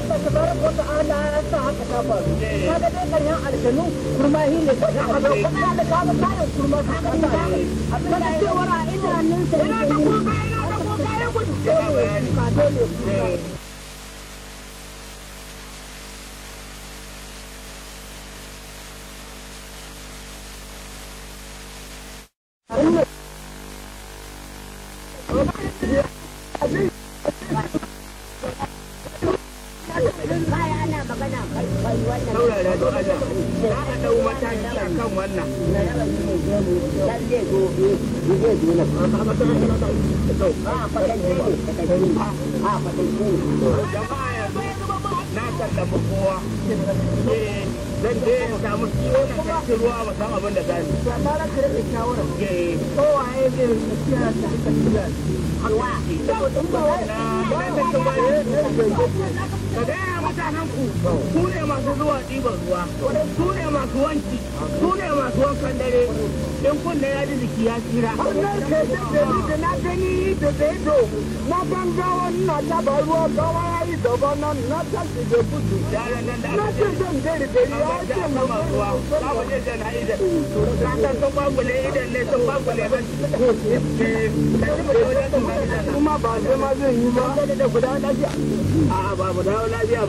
Allah ta bar wata ala ya sa haka ta faru kaga aljanu kurma ne ta haka kuma da ka ga tare kurma ka ga ta abin da cewa ina nan sai ya gudu cikin ruwa ba san abin da gani. Ba ta ran kare da shawara. Eh. Kowa ya zai gaskiya ta haka tilas. Halwa. Ba wata ba wai. Na ta ta ba. Ka mutanen ku su ne masu zuwa ɗiban ruwa su ne masu wanki su ne masu wankan dare in kunne ya ji jiki ya tsira da na gani da zaido na ganga wannan taba ruwa gawa ya yi gaba nan na tashi da gudu na ce zan da ya ce na ruwa na ba je jana na san sun idan ne sun ban eh, eh, kuma ba sai ma zai yi ba da lafiya a ba mu dawo lafiya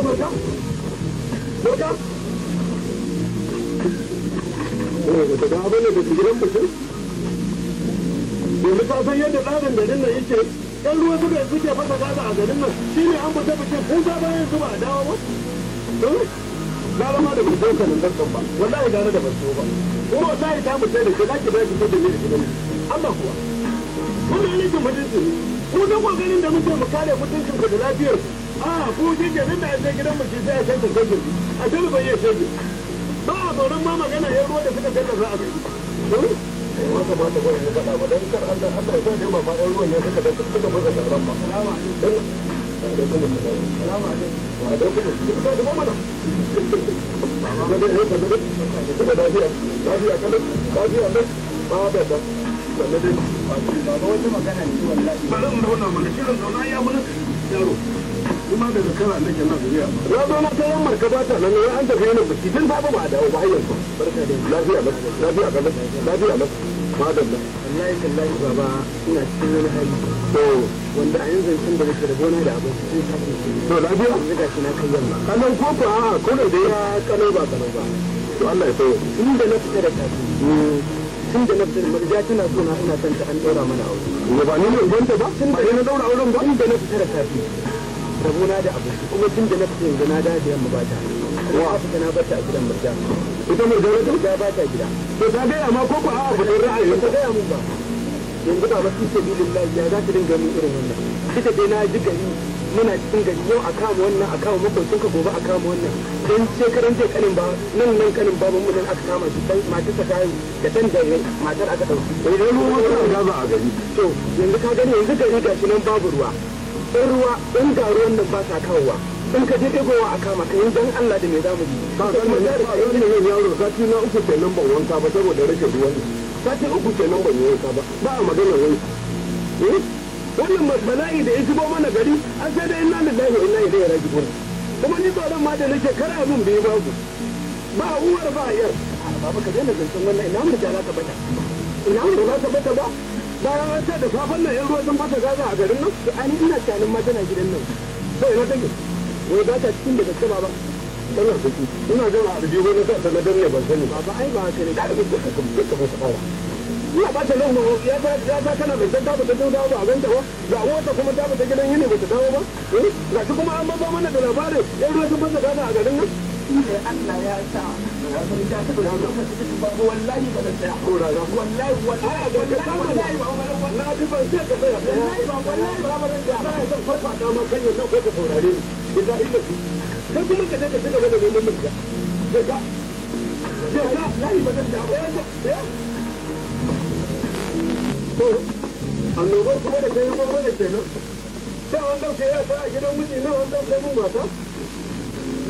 up, wake up. Wake up. Ina da daga abin da su gidan bikin. Yanzu ka nan yake ‘yan ruwa suka suke fasa gaza a garin nan an fita bikin kusa bayan su a dawo ba. da kusan kanin barkan ba, wallahi gane da basu ba. ta mutu da ke ki ba ki da ne Allah kuwa. Wannan ne kan mutunci. Ku muke mu kare mutuncin ku da lafiyar ah ku jinja nan da ya sai gidan mu sai ya sai tsarkake a dole bai iya shege ba a tsoron ma magana yan ruwa da suka tallafa a kai ya kamata ba ya faɗa ba don kar Allah Allah ya sani ba ma yan ruwan ya suka da suka buga da ran ba salamu alaikum salamu alaikum wa alaikum assalam da kuma mana da da ya kada da da lafiya lafiya kada lafiya da ba da da sanne dai ba wata magana ne wallahi ba zan da wannan magana shirin zauna ya mun yaro kuma daga zakara na ke nan zuriya ba ya zo na ta yammar ka bata nan ya an tafi yana ba a dawo ba har yanzu lafiya ba lafiya ba lafiya ba wallahi kallahi baba ina cikin wani hali to wanda a yanzu tun da nake da gona da abin cikin kafin to lafiya yanzu ga shi na kai yamma kanan ko ko a ko da ya kanau ba kanau ba to Allah ya tsawo tun da na fita da kafin mm. tun da na marja tana so na ina ta an daura mana aure ba ni ne ban ta ba tun da na daura auren ba tun da na fita da rabona da abu kuma tun da na fita yanzu na dace yamma ba ta wa fita na bata a gidan murja ita mai wata ta ba ta gida to ta gaya ma ko ko a abu da ra'ayi ta gaya mun ba yanzu ba ba su lillahi ya za ta dinga min irin wannan ita dai na ji gari muna cikin gari yau a kama wannan a kama ka gobe a kama wannan dan shekaran jiya kanin ba nan nan kanin ba mun nan aka kama su sai mata ta kai da san da matar aka dauki idan ruwa ga ba a gari to yanzu ka gani yanzu gari gashi nan babu ruwa in ruwa in ga ruwan nan ba sa kawowa in ka je ɗagowa a kama ka yanzu Allah da me za mu yi ba san ne ba san ne yin yaro sati na uku kenan ban wanka ba saboda rashin ruwan sati uku kenan ban wanka ba ba a magana wani eh? wannan bala'i da ya shigo mana gari an sai da inna lillahi wa inna ilaihi raji'un kuma ni tsoron ma da nake kar abin bai babu ba uwar ba yar baba ka daina zancen wannan ina mun da za ka bata ina mun da za ka bata ba bayan an ce da safan nan yan ruwa sun fasa gaza a garin nan da an ina tsanin ma tana gidan nan sai na take wai ba ta cikin da gaske ba tana ciki ina gama aljihu na sa na danne ban sani ba ai ba haka ne da ka ka ka fara ina ba ta nan ya ta ya ta kana mai ta ba ta dawo ba a ganta ba ga wata kuma ta ba ta gidan yini ba ta dawo ba eh, ga shi kuma an ba mana da labarin yan ruwa sun fasa gaza a garin nan inda ya sa ya san ta ta da ma kuma da wannan neman kuma da kai ko sai an dauke ya ta gidan miji na an dauke mu mata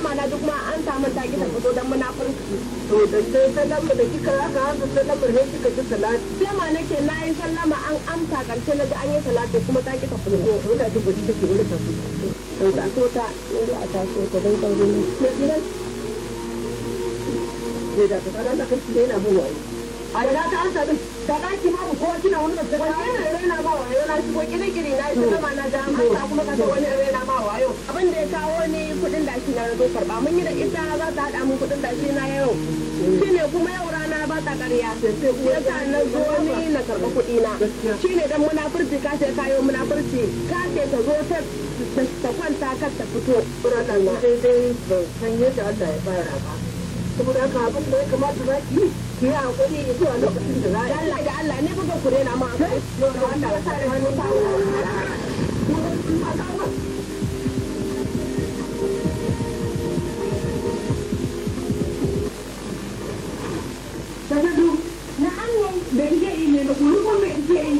kama na duk ma an samu ta ki fito dan to da sai da kika aka haka ne kika ji salati sai ma nake na yi an amsa karshe na ji an yi salati kuma ta ki fito da duk to so ta a taso ta dan ne gidan ne da ta buwaye a ta ansa din da ɗaki ma na na kuma ka wani da ya kawo ni kuɗin da shi na mun yi da ita za ta haɗa mun kuɗin da shi na yau kuma yau rana ba karya. yasa na zo ni na karɓa kuɗi na shine dan munafurci ka ce kayo munafurci ka ce ta zo ta ta kwanta kar ta fito. Sai dai ban san yadda Allah ya fara ba. saboda haka abin da ya kamata za ki yi ki yi zuwa lokacin da za a yi da Allah ne ma a kai da ya sa da ne da iya ne da kuma kuma iya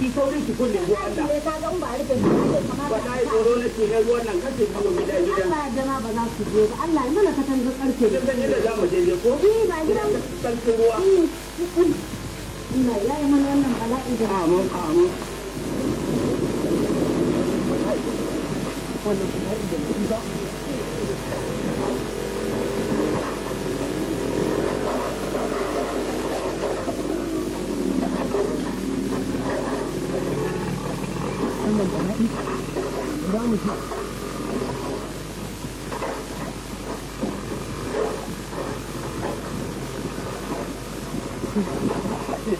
ki saurin ki kulle ruwan nan wallahi tsoro na ke na ruwan nan kace biyo gida gida Allah jama ba za su je ba Allah ya mana katangar karfe kin san inda za mu je je ko eh ba gidan sarkin ruwa Ina ya yi mana wannan bala'i da amin amin wannan da ba Susan. Da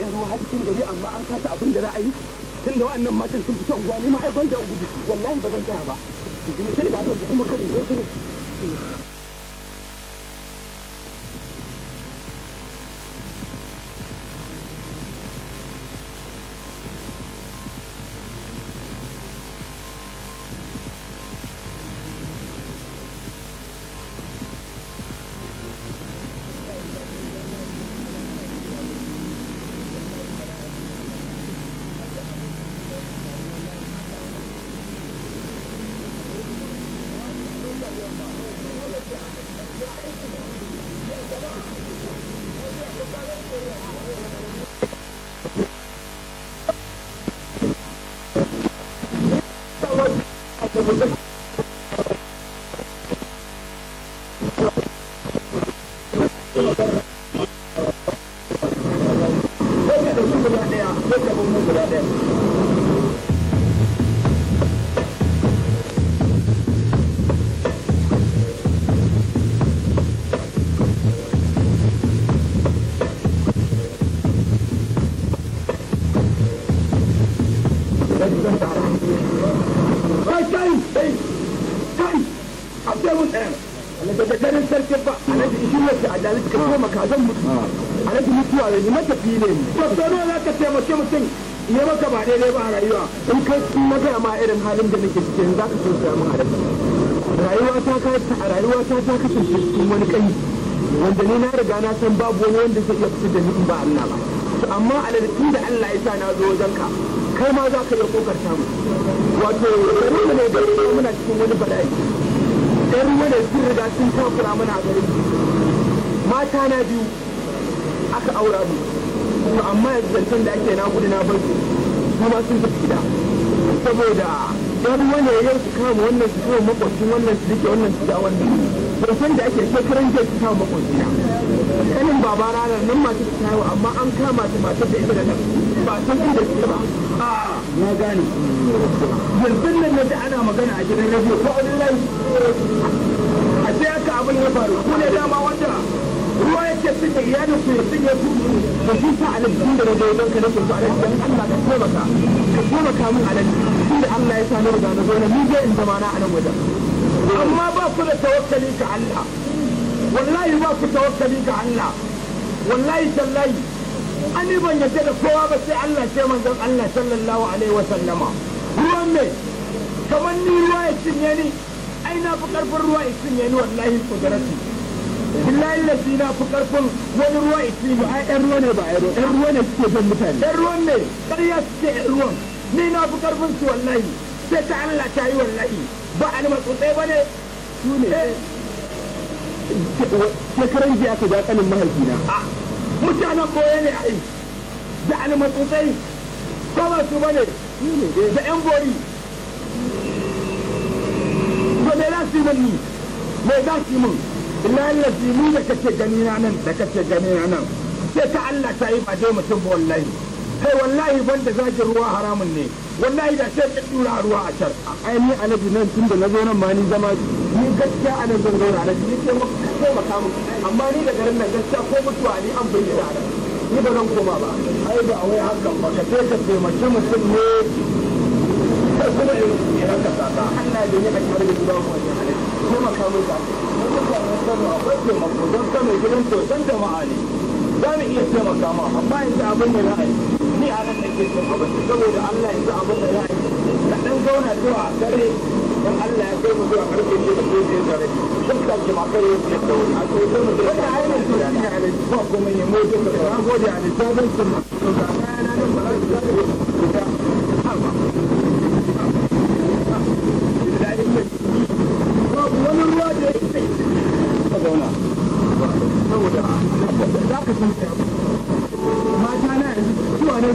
yan ruwa cikin gari amma an kasa abin da ra'ayi tun da wa'annan matan sun fito unguwa ni ma ai ban da gudu wallahi ba zan tsaya ba. Yanzu ne sai da ba kuma kan zo su wasu nawa za ka taimake mutum ya maka ba daidai ba a rayuwa in kai na gaya ma irin halin da nake cikin za ka so samu a rayuwa ta rayuwa ta ta kasance cikin wani kai wanda ni na riga na san babu wani wanda zai iya fita da ni ba Allah ba to amma alalci da Allah ya sa na zo wajen ka kai ma za ka iya kokarta mu wato ruwa ne da muna cikin wani bala'i ɗan ruwa ne sun riga sun takura mana a garin mata na biyu aka aura mu kuma amma yanzu zancen da ake na nakudu na bar su kuma sun tafi gida saboda yan wani yau su kama wannan su kama makwacin wannan su rike wannan su ja wannan zancen da ake shekaran jiya su kama makwacina kanin baba rana nan masu su kawo amma an kama su masu da ita da nan ba san inda su ba na gane yanzu nan na ji ana magana a gidan rediyo ko a layi a sai haka abin ya faru ku ne dama wanda ya da ya sun ya tudu da shi sa alaji tun da daga wajen ka nake so alaji don Allah ka taimaka ka taimaka min alaji tun da Allah ya sa ni riga na zo na ni zai in zama na a nan wajen amma ba ku da tawakkali ga Allah wallahi ba ku tawakkali ga Allah wallahi tallahi ani ban yadda da kowa ba sai Allah sai manzon Allah sallallahu alaihi wa sallama ruwan me kamar ni ruwa ya cinye ni ai na fi karfin ruwa ya cinye ni wallahi kudarati billahi lafi na fi karfin wani ruwa iti ba ai ɗan ruwa ne ba ai ɗan ruwa ne suke son mutane ɗan ruwan ne ƙarya suke ɗan ruwan ni na fi karfin su wallahi sai ta Allah ta yi wallahi ba almatsutsai ba ne su ne eh. shekaran jiya ka ja kanin mahaifina ah. mutanen boye ne yi. da almatsutsai ko ba su ba ne da yan bori ba me za su yi min me za su yi min lalazi ni da kake gani na nan da kake gani na nan sai ka Allah ta yi ba dai mutum ba wallahi kai wallahi banda zaki ruwa haramun ne wallahi da sai ka dura ruwa a can ai ni alaji nan tun da zo nan ma ni zama ni gaskiya a nan zan zauna alaji ni sai maka sai maka amma ni da garin nan gaskiya ko mutuwa ni an bayyana da ni ba zan koma ba ai ba wai hakan ba ka sai ka taimaki mutum ne kuma ya haka sata Allah ya yi a cikin da ba mu wani alaji taimaka mu da mutanen Kano akwai taimako don Kano gidan sosan jama'a ne za mu iya taimaka ma amma yanzu abin da za a ni a nan ake son abin saboda Allah yanzu abin da za a yi ka dan zauna zuwa a dare dan Allah ya kai mu zuwa karfe shi da kuma dare sun ka ji ma kai yake da wuri a kai mu da wani ainihin su da ni a ne ba kuma ne mu da ka gode a ne sabon sun ma to ga kana da fara da ruwa da ya zauna saboda za ka san mata na yanzu zuwa ne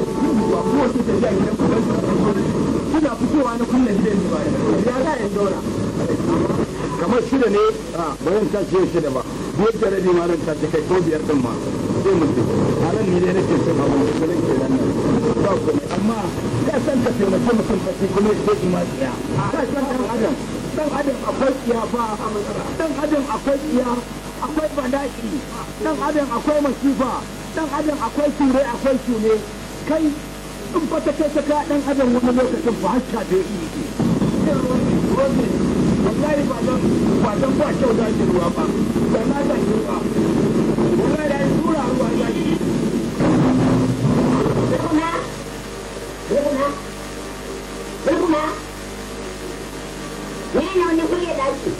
ko tafiya suna fitowa na kullum gidan ya za ya zauna kamar shida ne bayan ta ce shida ba biyar da ma ran ta ce kai ko biyar din ma sai nake abu da ke nan ba komai amma ya san taimake mutum ba sai kuma ya ce ma tsaya a kan adam dan adam akwai tsiyafa a matsala dan adam akwai iya akwai dan adam akwai masifa dan adam akwai ture akwai tune kai in fata kai ta ka dan adam wani lokacin ba hasha da yake wallahi ba dan ba dan ba kyau da ruwa ba da na da wallahi tura ruwa ya yi Look at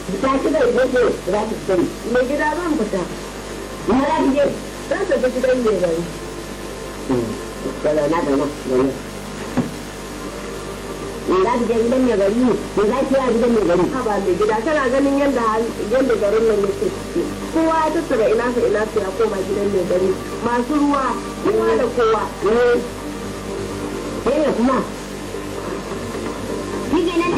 Ba shi da yake za ki sani. Mai gida zan fita. Na rage zan tafi gidan mai gari. Kwallo na da gari. za ki je gidan mai gari ne? Me za ki yi gidan mai gari? Ha ba mai gida kana ganin yadda yadda garin nan yake. Kowa ya tattara ina sa ina sa ya koma gidan mai gari. Masu ruwa, kowa da kowa. Eh. ne kuma. Kike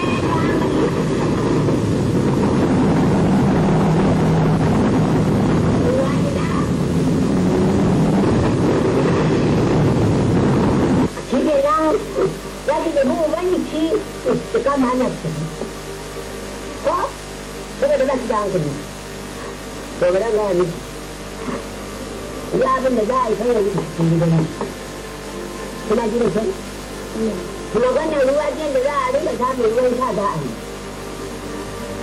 an kuɗi to bari an gaya miki ya abin da za a yi sai cikin gidan kuna kuma wannan ruwa da za a samun ruwan sha za a yi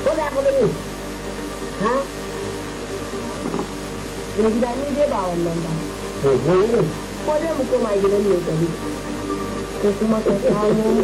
ko za ku gani ha gida ni dai ba wannan ba ko dai mu koma gidan mai gari ko kuma ka samu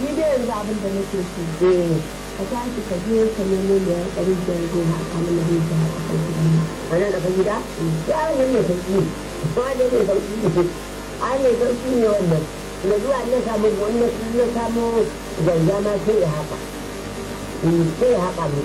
ni dai yanzu abin da nake so je ka tashi ka je ka nemo mai yan ɗari biyar goma a kanin da hujja a kan gida a nan ƙasar gida ya ne mai sauƙi ma ne mai sauƙi ne a ne sauƙi ne wannan da zuwa na samu wannan na samu zanzama sai ya haƙa mm, sai ya haƙa mai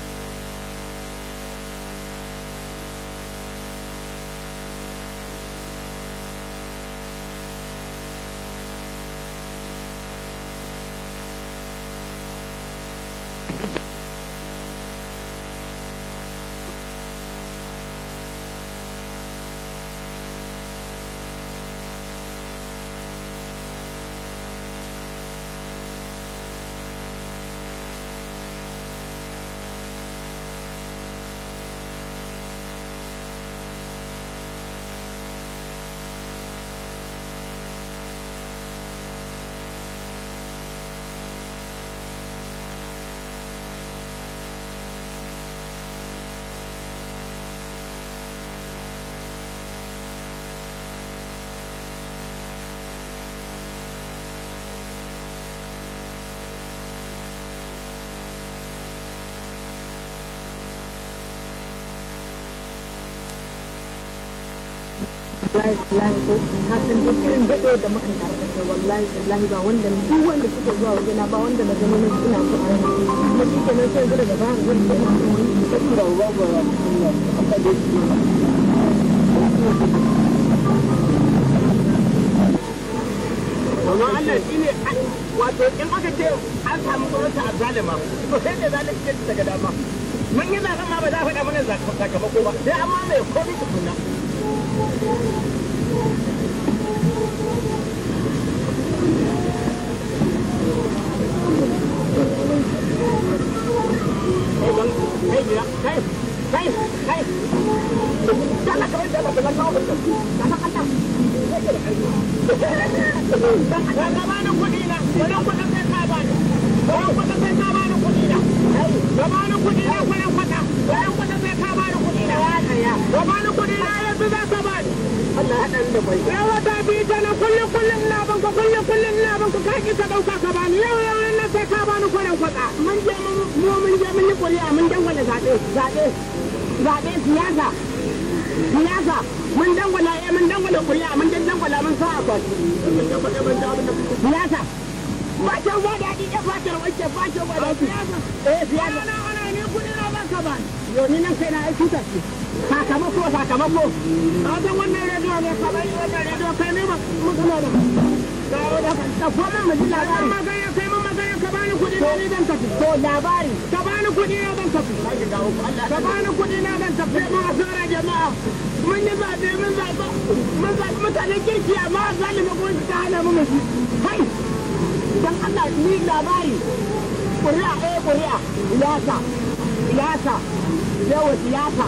wallahi wallahi ko ka san duk irin da muka tare da wallahi wallahi ba wanda duk wanda suke zuwa wajen ba wanda na ina so shi sai da bayan yi wa ba da shi Allah shi ne wato in aka ce an samu gwamnati a zalima to sai da zalunci ta daga dama mun yi zaɓen ma ba za a faɗa mana sakamako ba sai an mai komai tukunna Gabanin kudi na yanzu za ka ba na dan da bai yawa ta bi ta na kullum kullum na kullum kullum na banku ka ki ka dauka ka bani yau yau na sai ka bani kwaran kwatsa mun je mun mu mun je mun yi kuri'a mun siyasa siyasa mun dangwala eh mun dangwala kuri'a mun dangwala mun sa siyasa ba ba Eh siyasa. Ana ana ne kuɗi na Yau ni nan kai na aiki ta ce. sakamako sakamako a wajen wannan rediyo ne kamar yi wannan rediyo kai ne mu mutuna da da kuma mu ji labari magana kai mun magana ka bani kuɗi na ni dan tafi to labari ka bani kuɗi na dan tafi ka bani kuɗi na dan tafi ma asara jama'a mun yi zaɓe mun zaɓa mun zaɓi mutanen kirki amma zalimi kun ta hana mu mu hai dan Allah ni labari ƙuri'a eh ƙuri'a siyasa siyasa yawa siyasa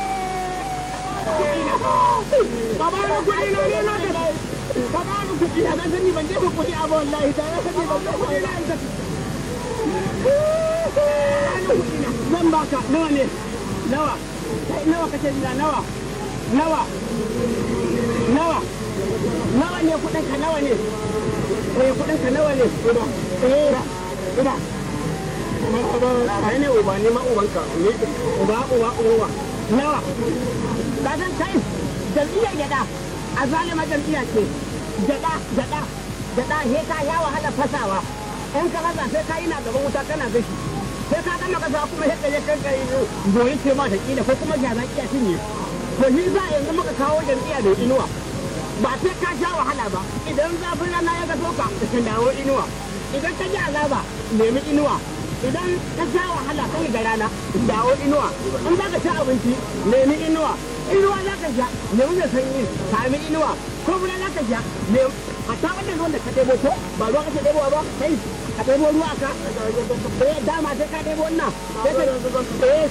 ka kuɗi a baka nawa ne nawa nawa jira nawa nawa nawa nawa ne kuɗin ka nawa ne eh ka nawa ne uba eh uba uba ne uba ne ma ka ne uba uba uba nawa Gazan tayin jam'iyyar gyaɗa a zalima jam'iyya ce gyaɗa gyaɗa gyaɗa he ka ya wahala fasawa in ka fasa sai ka yi na gaban wuta kana gashi sai ka gama kasa kuma sai ka je kan kai goyi ce ma da kila ko kuma jami'a iya cinye to shi za yanzu muka kawo jam'iyya da inuwa ba sai ka sha wahala ba idan zafin rana ya gaso ka ka dawo inuwa idan ka ji azaba nemi inuwa idan ka sha wahala kai ga rana dawo inuwa in za ka ci abinci nemi inuwa inuwa za ka sha nemi sanyi sami inuwa ko za ka sha a ta wannan ruwan da ka ɗebo ko ba ruwa kake ɗebowa ba kai ka ɗebo ruwa ka eh dama sai ka ɗebo wannan eh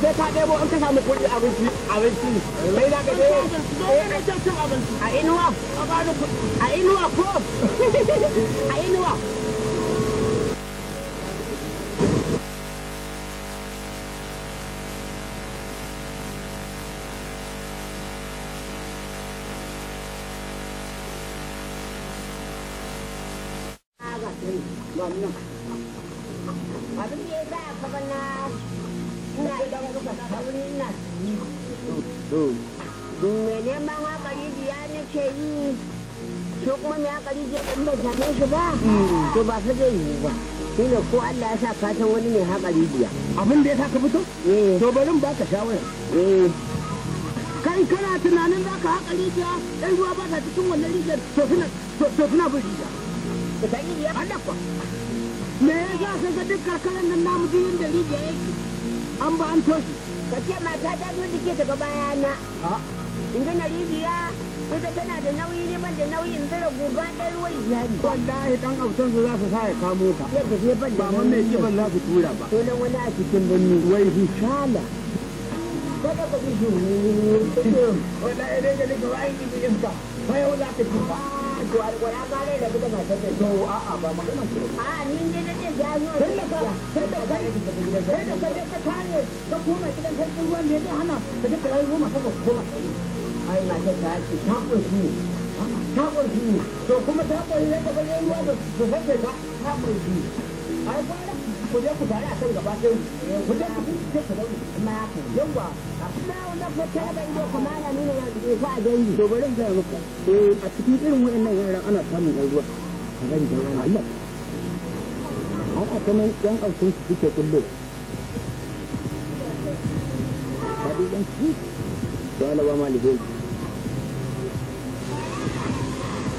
sai ka ɗebo ka samu kuɗi abinci abinci za ka ɗebo eh, a inuwa a inuwa ko a inuwa wannan abin da ya za a na to hmm. ba su zai yi ba shi hmm. ko Allah ya sa wani mai hakari biya abin da ya sa ka to bari ba ka shawara kai kana tunanin za ka haƙa rijiya ɗan ruwa ba ta cikin wannan rijiyar to suna bin me ya sa sai ga duk karkarar nan namu biyun da rijiya yake an ba an toshe. ka ce mata ta zo dike daga baya na in gana rijiya ita tana da nauyi ne ban da nauyin in zara goba ɗan ruwan iyali wallahi dan autan su za su sa ya kamo ka yadda sai ban da ba mai kiban za su tura ba sunan wani a cikin birni wai hishala kada ka fi shi wallahi dai ga duka wa'in iska fa yau za ka ci to alƙura ba dai rabu da matar da to a'a ba magana ce ni na ce ya zo sai da kai sai da sai da ruwan da ya hana ta ta ta to kuma ta ne ruwa ta ai ku je ku tare a kan gaba ɗaya ku je ku ku yawa wanda ta ido kamar nuna ku fa a gani to bari ga eh a cikin irin wayannan yaran ana samun ruwa a gani da Allah yan alkun su suke kullu ba dai dan malibai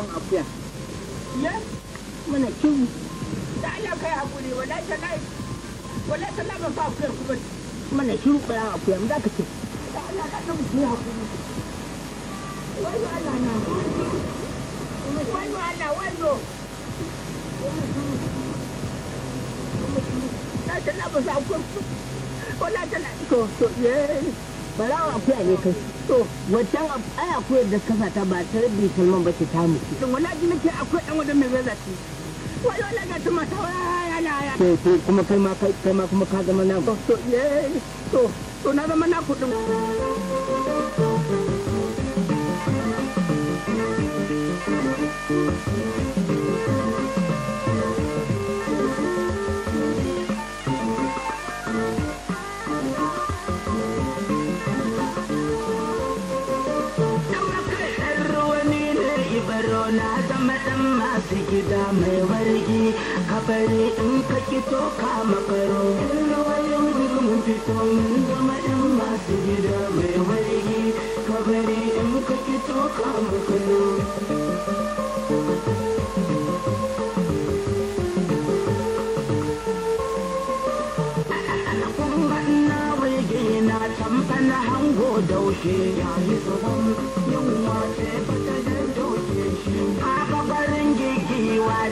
kawo mu akuya ya mana kiwu da Allah kai hakuri wala ta lai wala ta lai ban fa akuya kuma mana kiwu ba akuya mu da ka ce da Allah ka san mu hakuri wayo Allah na Wai wayo Allah wayo wala ta lai ban fa akuya wala ta lai ko so yeah a akuya ne kai to wancan ai akuyar da kasa ta ba ta rabbi salman ba ke ta mu to wala ji nake akwai dan wajen mai zaza ce wala wala ga ta mata wala ya to to kuma kai ma kai ma kuma ka zama na to eh, to to na zama na kudin Thank you. bari in ka fito ka makaro in wayan mun fito mun zama yan masu gida mai wargi ka bari in ka fito ka makaro Tamfana hango daushe yayi tsoron yunwa ce ba kiwa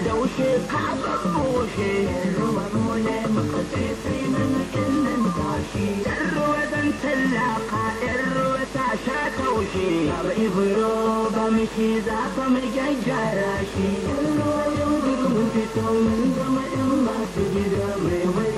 ka kagar bushe ruwan mule muka sai mana in nan tashi yan ruwa zan tallaka yar ruwa ta sha taushe Ba ibro ba mu shi za ka mu gyaggyara shi yan ruwa yan gudu mun fito mun zama yan masu gida mai wai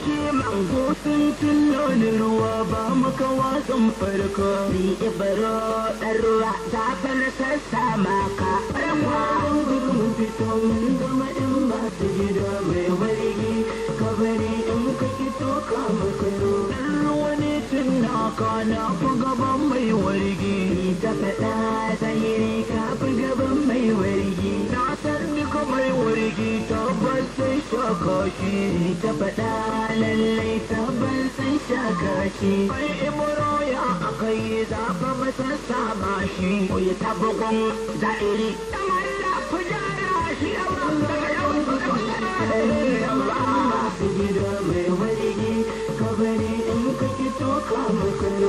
ke mango sun tilloli ruwa ba muka watsin farko ni ibaro ɗan ruwa ta fara sassa maka farko mun fito mun zama ɗin masu gida mai wargi kabari in ka fito ka makaro ɗan ruwa ne tun naka na fi gaban mai wargi ni ta faɗa zahiri ka fi gaban mai wargi na san ni kamar wargi ta sun shokoki ta faɗa lallai sabon sun shakaki kai ya akai zaɓa masassa shi ko ya tabakon za'iri kamar da ku jara shi yawan da yawan da yawan da yawan da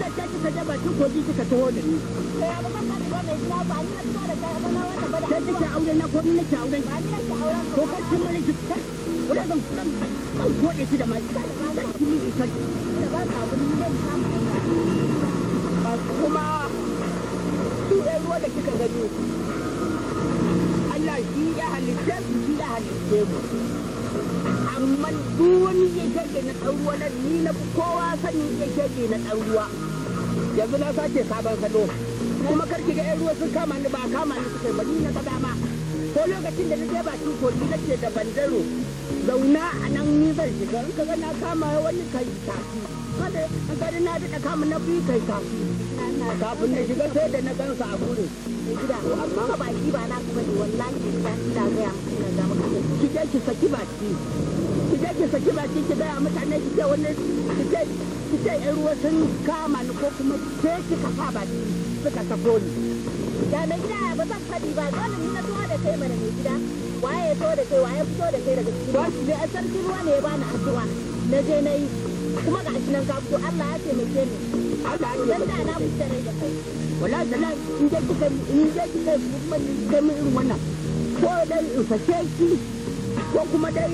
da ta kika tun bakin kogi kika taho da ni. Ta kike aure na ko ni nake aure. Ko kar kin mare ki kar. Wala zan zan koɗe ki da mai. Zan ki mi ki kar. Kuma su ɗan ruwa da kika gani. Allah shi ya halitta su shi ya halitta mu. amma duk wani ya shege na ɗan ruwa nan ni na kowa sani ya shege na ɗan ruwa. yanzu na sake sabon kado kuma karki ga 'yan ruwa sun kama ni ba kama ni suka ba na ta dama ko lokacin da nake ba shi na nake da bandaro zauna a nan ni zan shiga in ka na kama wani kai tafi kada an kada na daɗa kama na fi kai tafi kafin na shiga sai da na gansa a gure gida amma ba baki ba na kuma ne wallahi da na ga maka ki je ki saki baki ake saki ba ki gaya mutane ki ce wani ki ce yan ruwa sun kama ni ko kuma ke ki ka ba baki suka sako ni. Ya mai gida ba zan faɗi ba dole ni na tuwa da kai mana mai gida. Waye ya da kai waye fito da kai daga ciki. Wasu ne sarki ruwa ne ya bani addu'a na je na yi kuma ga shi nan ka fito Allah ya taimake ni. Allah ya taimake ni. na fita rai da kai. Wala da nan in je kika in je kika kuma kai min irin wannan. Ko dai in fashe ki ko kuma dai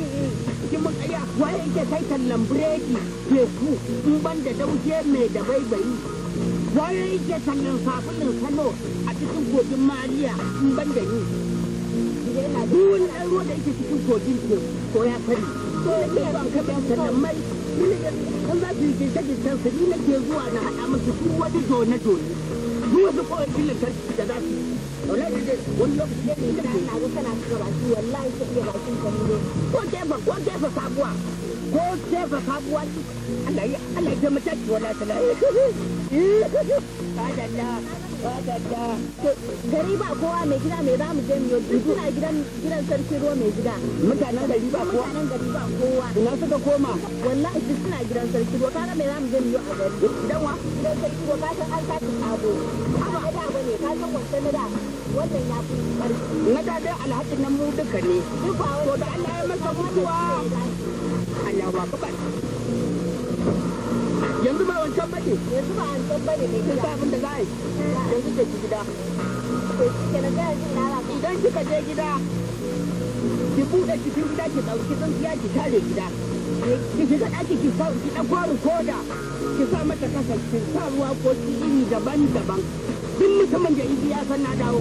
cikin matsaya waye yake kai tallan biredi teku in ban da dauje mai da baibayi waye yake tallan sabulin salo a cikin kogin mariya in ban da ni duk wani ɗan ruwa da yake cikin kogin teku ko ya sani ko ya ke ban ka ban mai kan za su yi gishe-gishen su ni nake zuwa na haɗa musu duk wani na done duk wasu kawai filin tarki da za su wallahi da wani lokaci na iya ko kefa ko kefa sabuwa ko kefa sabuwa gari ba kowa mai gida mai za mu je mu yi suna gidan sarki ruwa mai gida mutanen gari ba kowa mutanen gari ba kowa ina suka koma wallahi suna gidan sarki ruwa kana mai za mu je mu yi a gari gidan wa gidan sarki ruwa ka san an wannan ya fi na dadin alhaji nan mu duka ne to da Allah ya masa mutuwa Allah ba kabar yanzu ba wancan bane yanzu ba wancan bane ne kin abin da za a yi yanzu ke ki gida idan kika je gida ki buɗe cikin gida ki ɗauki tsintsiya ki tare gida ki shiga ɗaki ki sa ki ɗauko rikoda ki sa mata kasa ki sa ruwa ko iri daban-daban duk mutumin da idi ya san dawo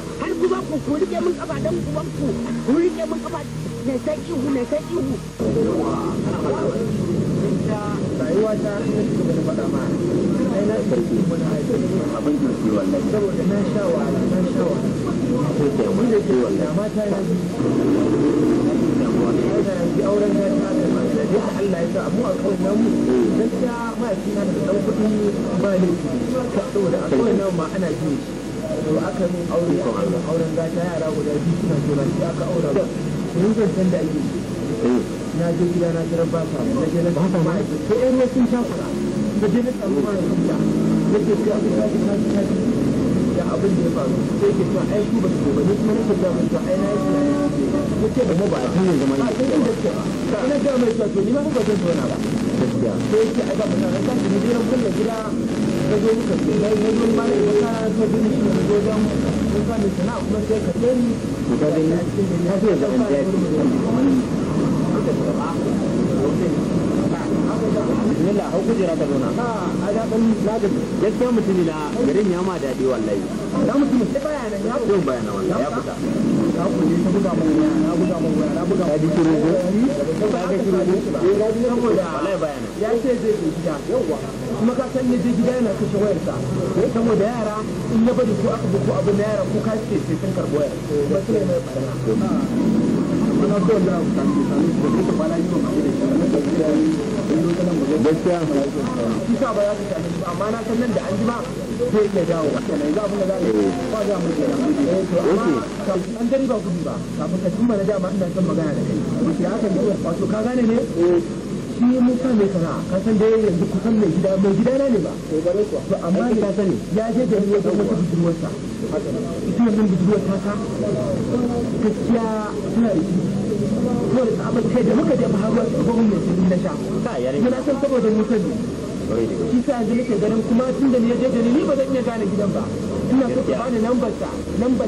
uban ku ku rike min kafa dan uban ku ku rike min kafa mai sai ihu mai sai ihu rayuwa ta ne su ga faɗa ma ai na sarki wani abin da ke wallahi saboda na sha wahala na sha wahala ko da mun da ke wallahi mata ya ji auren ta ta da da duk Allah ya sa mu a kawai namu gaskiya ma shi na da dan kuɗi ba ne saboda a kawai namu ma ana ji to aka min aure aka min auren gata yara guda biyu suna ce shi aka aura ba yanzu zancen da ake na je gida na jiran ba sa na je na ba sa ma aiki to yan sun shakura na je na samu ma aiki da ke ce abin da ta ta da abin da ya faru sai ke cewa aiki ba su ba ne kuma na ke da mutu ai na yi na ce ba ba a tunan zama ne ba ta ina ga mai cewa to ni ma ba zan zo ba gaskiya sai ke ai ba mutane kan ne jiran kullum gida ka zo muka ce ya yi zo ma da ka ta bin shi da zo kuma sai ka ka ce da an jaji ni Bismillah hau da ɗan gaskiya mutum na garin ya ma daɗi wallahi. Da mutum sai bayana ya Yau bayana wallahi ya Ya buga mun na buga mun na buga. Ya ji ko? Ya ga shiru ko? Saboda. Wallahi bayana. Ya ce zai je yauwa. kuma ka san je gida yana kashe wayarsa ya saboda yara in ya bari ko aka ko abu na yara ko ka ce sai sun karbo yara ba su ne mai barna gaskiya kisa ba za ta ba amma na san nan da an ji ba zai iya dawo kenan za abin da za a yi ba za mu ke nan to amma kafin an dare ba gudu ba da ka cimma na dama ina magana da kai da haka ne ka gane ne eh. shi mun mai sana'a ka san da yanzu kusan mai gida mai gida na ne ba to amma ni sani ya je da ya ga wata sa ita ta gaskiya da shi ko da abin kai da muka je ba har wata gwamnati mai sun na sha yana san saboda mun sani shi sa yanzu nake ganin kuma tun da ni ya je da ni ba zan iya gane gidan ba ina so ka bani lambar lambar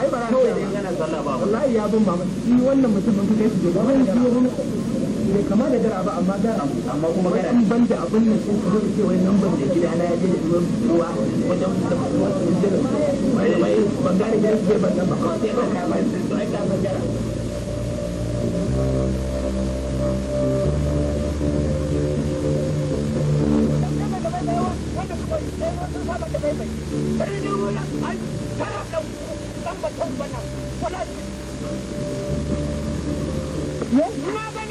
ai bara kawai yana sallah ba wallahi ya bin ba shi wannan mutumin kai shi da wani bai kama da dara ba amma dara amma kuma kana in ban da abin nan sun kawo ce wai nan ban da gida na ya da ruwan ruwa wajen da ruwa sun jira mai mai ban gane ya ban nan ba ko sai ka kama su ai ka ban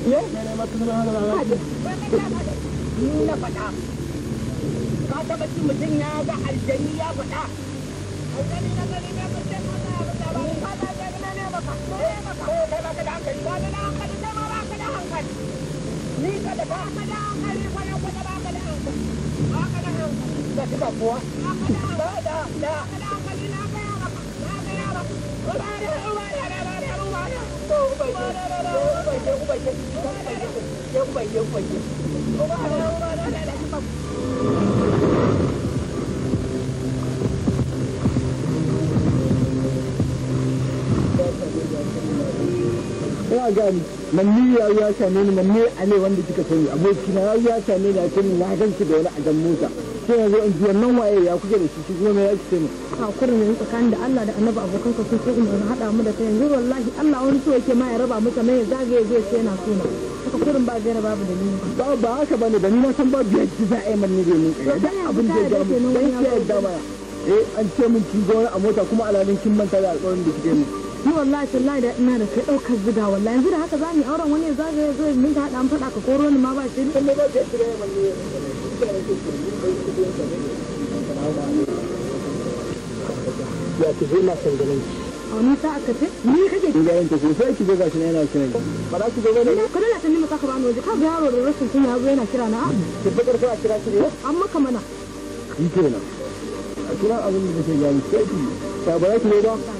ये मैंने मत सुना ni na faɗa ka taɓa ci mutum ya ga aljani ya faɗa aljani na gani ne ba sai mata ya faɗa ba ba da aljani na ne maka ko ne maka ko kai ba ka da hankali ba da na hankali kai ma ba ka da hankali ni ka da ba ka da hankali ko ne ko da ba ka da hankali ba ka da hankali da kika kuwa ba da da ka da hankali na ga yara na ga yara ko ba da ba da ba Thank you. ina ga manni ya ya same ni manni ale wanda kika sani aboki na ya same ni akan ni na ganki da wani ajan mota sai yanzu in ji wannan waye ya kuke da shi kuma me ya kike mu a kurin yanzu tsakanin da Allah da Annabi abokan ka sun in mun hada mu da kai yanzu wallahi Allah wani so yake ma ya raba mu kamar ya zagaye zai sai na so na haka kurin ba gaira babu da ni ba ba haka bane da ni na san biyar yadda za a yi manni da ni da abin da ya mu dan ya yadda ba eh an ce min kin ga wani a mota kuma alalin kin manta da alƙawarin da kike mu ni wallahi tallahi da ina da kai daukar ziga wallahi yanzu da haka za mu auren wani za ya zo ya minka hada an fada ka koro ni ma ba shi ne ya manne ki zo na san ganin a ni sa aka ce ni kake ki ga yanke sai ki zo gashi na yana kiran ba za ki zo ba ne kada na san ni maka ba waje ka ga yaro da rashin tun ya zo yana kira na ki bakar ka kira shi ne amma ka mana ki kenan a kira abin da kake gani sai ki ba ba ki ne ba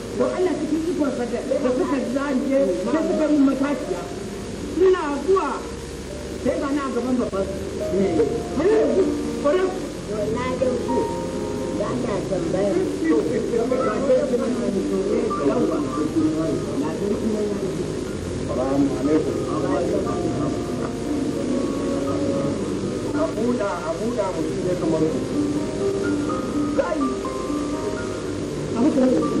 to Allah cikin ikon sa da suka zanje sai suka yi ina zuwa sai ga na gaban babban na da da ne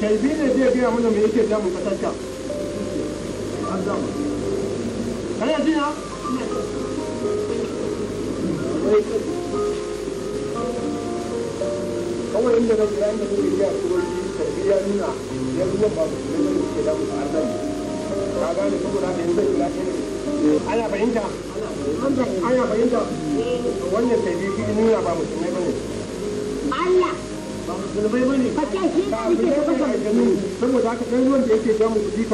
Kalbi ne zai gaya mana me yake damun kasarka. An damu. Kana Kawai inda na kira inda zai gaya turoji kalbi ya nuna ya zuwa ba su ne da yake damun ka an Ka gane saboda haka yanzu zai kira ne. Ana fahimta? Ana fahimta. Wannan kalbi shi nuna ba musulmai ba ne. zunubai bane a ce shi yake da baka aljanu saboda haka dan ruwan da yake samu kuɗi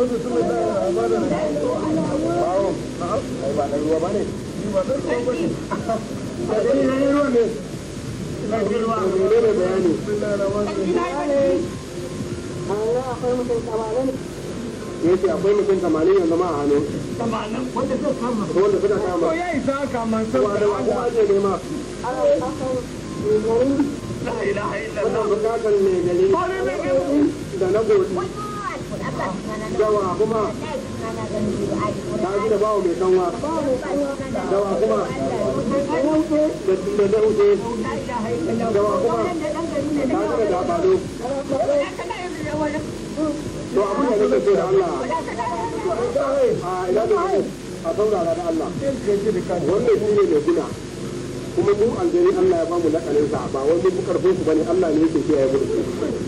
wanda ruwa bayani akwai mutum tamanin yanzu ma a hannu wanda suka kama ko ya isa da kuma ake nema la ilaha illallah da na gobe dawa kuma ta da bawo mai kanwa dawa kuma da da huce dawa kuma ta ji da gabado to abin da nake so da Allah a ina da a saurara da Allah wannan shi ne mai guna kuma mu aljani Allah ya bamu lakanin sa ba wani mu karfin su bane Allah ne yake kiyaye mu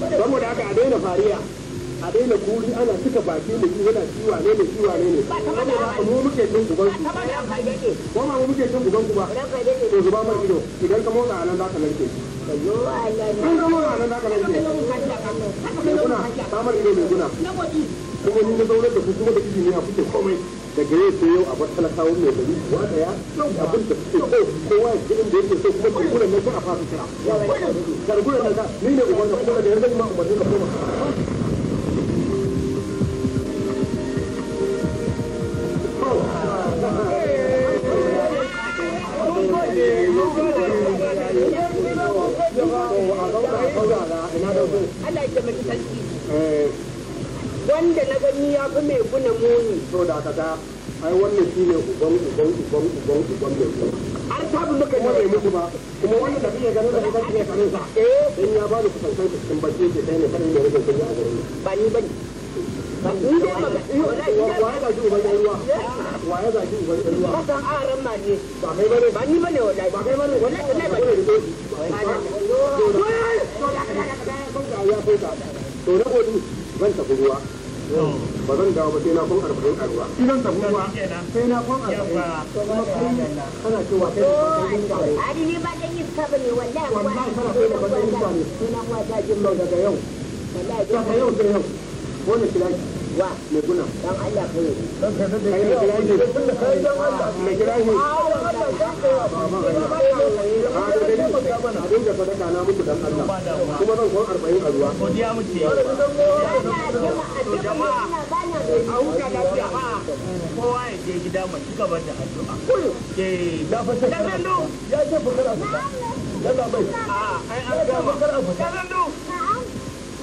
saboda haka a daina fariya a daina kuri ana cika baki da shi yana ciwa ne ne ciwa ne ne mu muke cin guban su ko ma mu muke cin guban ku ba to zuba mar ido idan ka motsa anan za ka narke kun ga motsa anan za ka narke mai guna samar ido mai guna kuma ni na zaunar da ku kuma da izini a kuke komai da yau sai yau a bar talakawan mai gari kuwa daya abin da suke so kowa ya ji da yake so kuma gargunan nan ko a fasa kira gargunan nan ni ne uban da kuma da yanzu ma umarni ka koma Allah ya maki sarki wanda na gani ya fi mai guna muni to da ka ta ai wannan shi ne uban uban uban uban uban mai guna har ta bi muka mai mutu ba kuma wanda da kake ganin da kake kare sa eh dan ya ba ni kusantar cikin bakin ke sai ne kada ne rage kunya a garin ba ni in dai ba waye ba ɗan ba ma ne ba ba zan dawo ba sai na kun arba'in a ruwa shi zan tafi sai na kun arba'in kuma kai kana cewa kai ba kai iska ne ari ne ba yi iska bane wallahi wallahi kana kai ba dan yi ne sai na kuwa ta jin daga yau daga yau da yau ko na filashi wa mai guna dan Allah kai dan ah, ah, kai da kai da kai da kai da mai girahi abin da fadaka na muku da Allah kuma zan kwan 40 a ruwa godiya muke jama'a a huta lafiya kowa ya je gida mai ci da addu'a eh da fasa ya ce bukara su da yalla bai a ah, ai an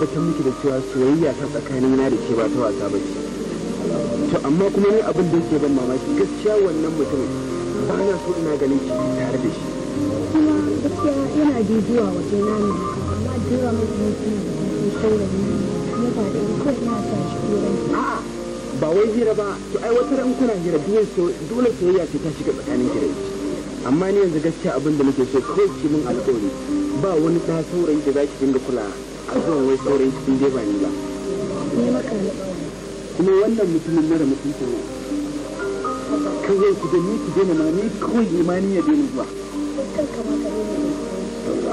tabbatar miki da cewa soyayya ta tsakanin na da ke ba ta wasa ba ce to amma kuma ni abin da yake ban mamaki gaskiya wannan mutumin ba na so ina ganin ki tare da shi kuma gaskiya yana bibiya waje na ne amma da mutum ne ne ba da na sa shi wurin ba wai hira ba to ai wata ran kuna hira dole soyayya ce ta shiga tsakanin ki da shi amma ni yanzu gaskiya abin da nake so kawai ki mun alƙawari ba wani ta saurayi da za ki dinga kula kasan wai saurayi sun je ba ni ba kuma wannan mutumin mara mutunta ne kan zai ku da ni ku je ma ni kawai imani ya daina zuwa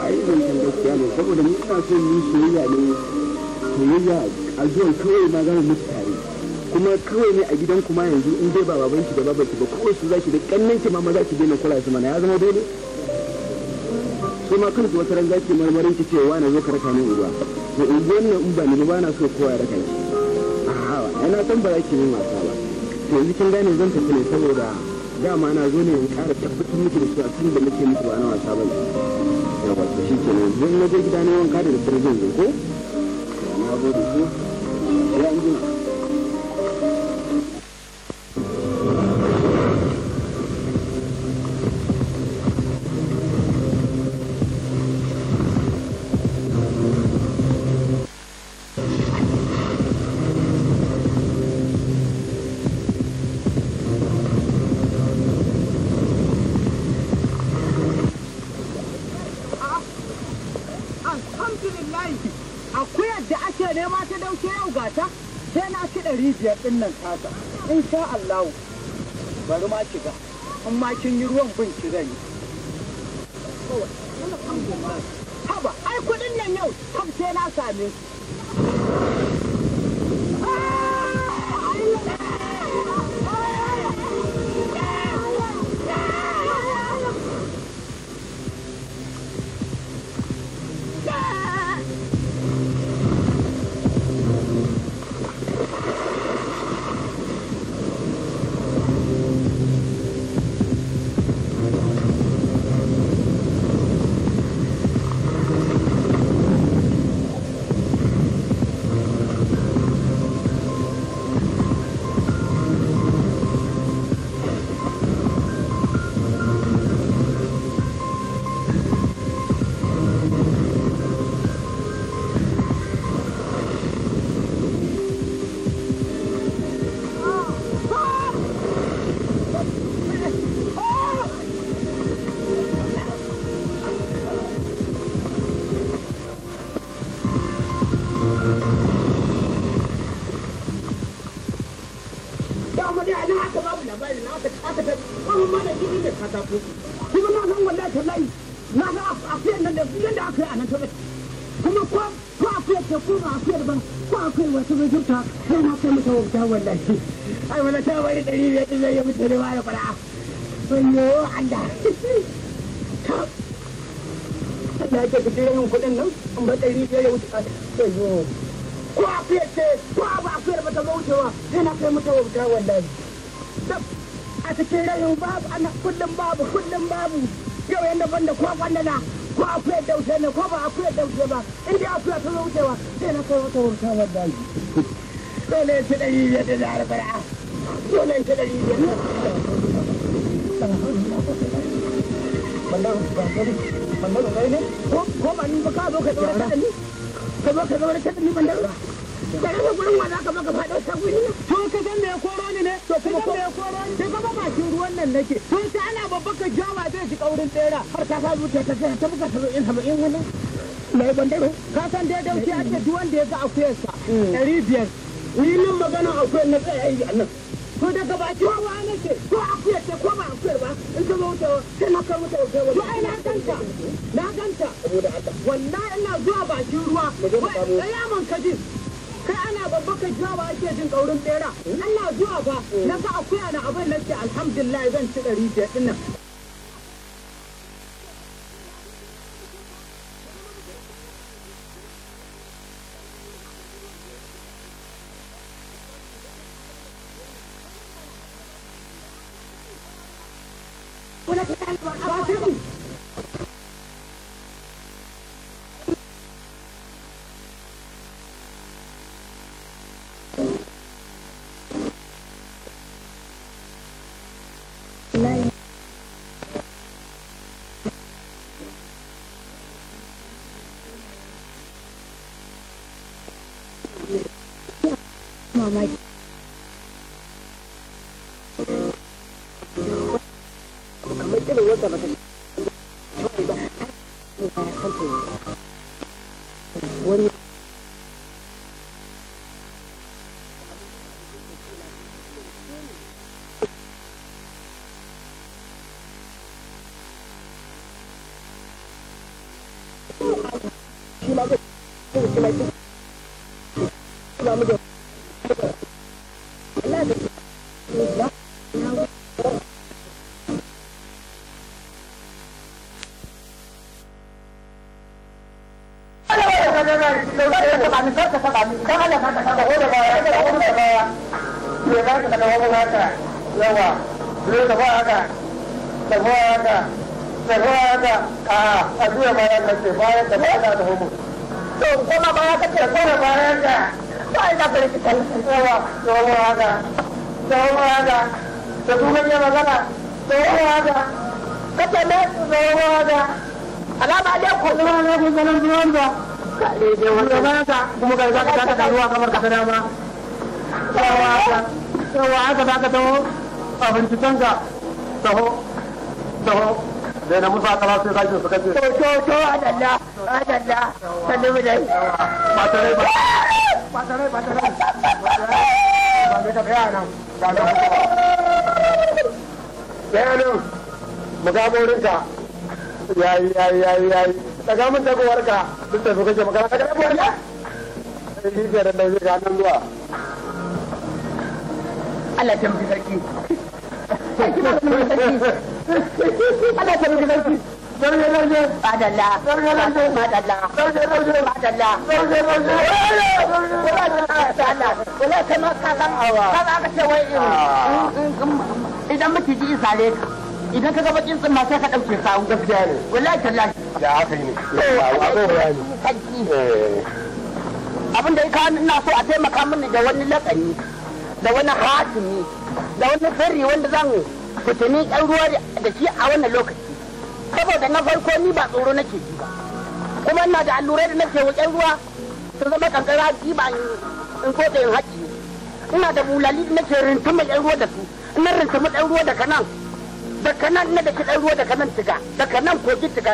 ai zan kan gaskiya ne saboda ni ina son ni soyayya ne soyayya a zuwan kawai ma za mu mutu tare kuma kawai ne a gidan kuma yanzu in dai ba babanki da babanki ba kawai su zaki da kannanki ma ma za ki daina kula su mana ya zama dole ke ma su wata ran zaki marmarin ki cewa na zo ka raka ni uba to in ji wannan in ba ni ba na so kowa ya raka ni a'a ina san ba za ki min wasa ba to yanzu kin gane zan tafi ne saboda dama na zo ne in ƙara tabbatar miki da cewa tun da nake miki ba na wasa ba ne ya ba shi ke nan zan na je gida ne wanka da da zan zo ko na gode ku ya an jima biyar din nan tasa in sha Allahu bari ma shiga in ma kin yi ruwan bin ki zan yi haba ai kudin nan yau kam sai na same su ta ai ta ce kuɗin nan in ba dari biyar ya wuce ko a fiye ce ko a ba a fiye mata sai na kai mata wauta a cikin babu ana kullum babu kullum babu yau yadda banda ko ko a da wuce ne ko ba a fiye da wuce ba in dai a fiye ta wucewa sai na kai mata wauta wannan. dole ya ɗari biyar da jihar bara dole ya ɗari biyar bandaro kai ne ko ba ni ba ka zo ka zaure ta ɗani ka zo ka zaure ta ɗani bandaro ka rasa gurin wa za ka zo ka faɗo ta guri to ka san me koro ni ne to kuma ko ya koro ni sai kuma bakin ruwan nan nake to sai ana babba ka jawa zai shiga wurin tsera har ta sa zuciya ta tsaya ta buga saba'in saba'in wani mai bandaro ka san dai dauki ake duk wanda ya ga akuyarsa ɗari biyar ni nan magana akwai na tsaye yi a nan daga baki ko wa nake ko akuya ce ko ba akuya ba in ka zo wuta sai na kai wuta wuta to ai na ganta na ganta wallahi ina zuwa bakin ruwa ya man kaji kai ana babba ka jiwa ba ake jin kaurin bera hmm? Allah zuwa ba hmm. na ga akuya na abin nake alhamdulillah zan ci ɗari biyar dinnan. mamaki kamar ta Thank you. hagu haka yawa zai tafi haka tafi haka tafi haka a a juya baya ka ce baya tafi haka da hagu to koma baya ka ce koma baya ka baya ka bari ki kalli yawa tafi haka tafi haka da duban ya magana tafi haka ka ce ne tafi haka alama ko ne taho aka da aka taho a binciken ka taho taho da na musa kala sai zaki su kace to to to adalla adalla sallu mu dai ba tare ba ba tare ba tare ba ne ka ba ga ga bayanin mu ga ba ka yayi yayi yayi daga mun dagowar ka duk da su kace ka ba ni da da zai ga ba zuwa Allah ta miki sarki ta miki sarki Sarge sarge madalla sarge wala idan mutiji in sare ka idan ka ga bakin tsimma sai ka ɗauke sawu gaskiya ne wallahi tallahi da aka yi ne eh. abin da ya kawo ina so a taimaka mini da wani lakani da wani hatimi da wani sirri wanda zan fitini ɗan ruwa da shi a wannan lokaci saboda na farko ni ba tsoro nake ji ba kuma ina da allurai da nake wa yan ruwa su zama kankara ji ba in so da yin haƙi ina da bulali da nake rintumar ɗan ruwa da su ina rintumar ɗan ruwa da kanan daga nan na da ɗan ruwa daga nan tiga daga nan kogi tuga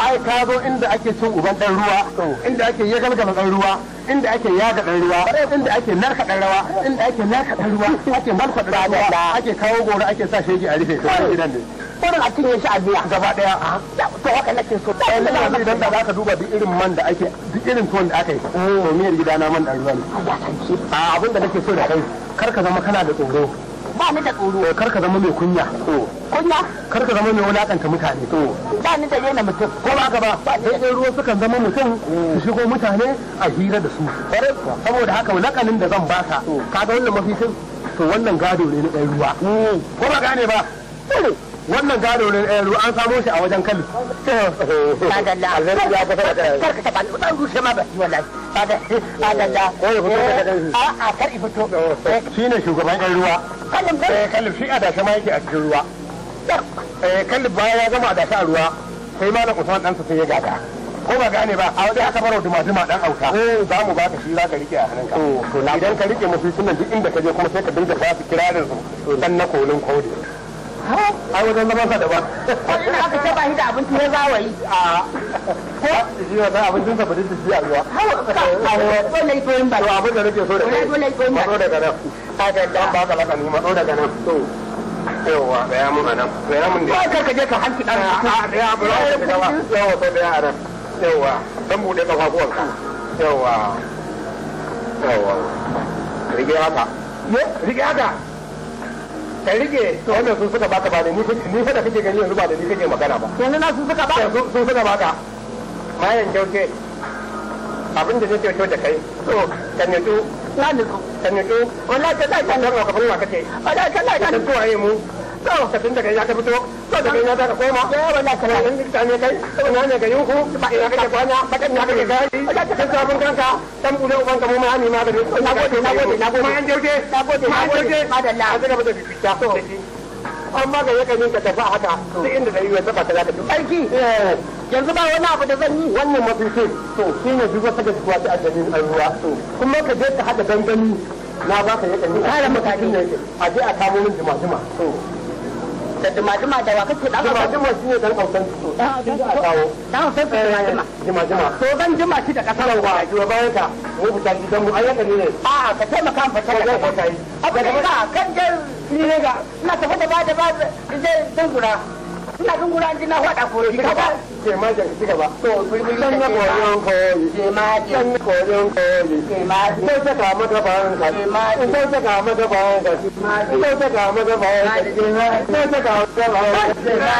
ai ka zo inda ake cin uban ɗan ruwa inda ake ya galgala ɗan ruwa inda ake yaga ɗan ruwa inda ake narka ɗan rawa inda ake narka ɗan ruwa ake malfa ɗan ruwa ake kawo gora ake sa shege a rufe to gidan ne wannan a cinye shi a biya gaba daya ah, to haka nake so ina yanzu idan da zaka duba duk irin man da ake duk irin tuwon da aka yi mm. to miyar gidana man ɗan ruwa ne a ah, abin da nake so da kai kar ka zama kana da tsoro ba ni da tsoro eh, kar ka zama mai kunya kunya kar ka zama mai wulakanta mutane to ba ni da yana mutum ko ba ka ba Ba dai ruwa sukan zama mutum su eh. shigo mutane a hira da su saboda haka wulakanin da zan baka kaga wannan mafitin to wannan gado ne na ɗan ruwa eh. ko ba gane ba wannan gado ne ɗaya eh, an samo shi a wajen kalu sadalla ya kar ka taba ni dan rushe eh, eh, kar i fito shine shugaban ɗan ruwa kalin shi a dashe ma yake a cikin ruwa eh kalin baya ya gama a dashe a ruwa sai ma na kusan dan sa sai ya gada ko ba gane ba a waje aka baro duma duma ɗan auka za mu ba ka shi za ka rike a hannunka oh, idan ka rike musu sunan duk inda ka je kuma sai ka dinga ba su kirarin su dan na kolin kodi ai wajen zaman sa daban wannan aka taba shi da abinci na zawayi a ko shi abincin sa bidin shi a ruwa ba to abin da nake so da kai ba daga nan ka da da ba ka laka daga nan to yawa ga ya mun anan ga ya mun da ka je ka hanki dan a da ya bura yawa to da ya anan yawa dan bude yawa yawa rige haka rige haka ka rike wannan sun suka baka ba da ni ni fa da kake gani yanzu ba da ni kake magana ba yanzu na sun suka baka sun suka baka mayan kyauke abin da nake so da kai to ka nutsu na nutsu ka nutsu wallahi ka da ka nutsu ka fulma kake wallahi ka da ka nutsu waye mu sau ka daga ya ka fito sau daga ya ka ya ka ta ne ne ga yuhu ina kake kwana kanka dan bude uban ka mu a haka duk inda da yiwa zaba ta zaka sarki yanzu ba wani abu da zan yi wannan mafifi to shine duk wata gaskiya ta ajalin ruwa kuma ka je ka hada gangami na baka yakan ninka kare mutane a je a kamo min jima jima da duma duma da wa kake dan duma duma shi ne dan kausan su kin a kawo eh, dan kausan su duma duma duma duma to ban duma shi da kasar wa to bayan ka mu fita gidan mu ayyuka ne ne a ka taimaka an fita da kai abu da ka kan ga ni ne ga ina tafi da ba da ba da dan gura ina bin gura na ko shi ke ma jan shi to na koyon ko ke ma na koyon ko ke ma ta ka ka ke ma ta ka ka ke ma ta ka ka ke ma ta ka ka ke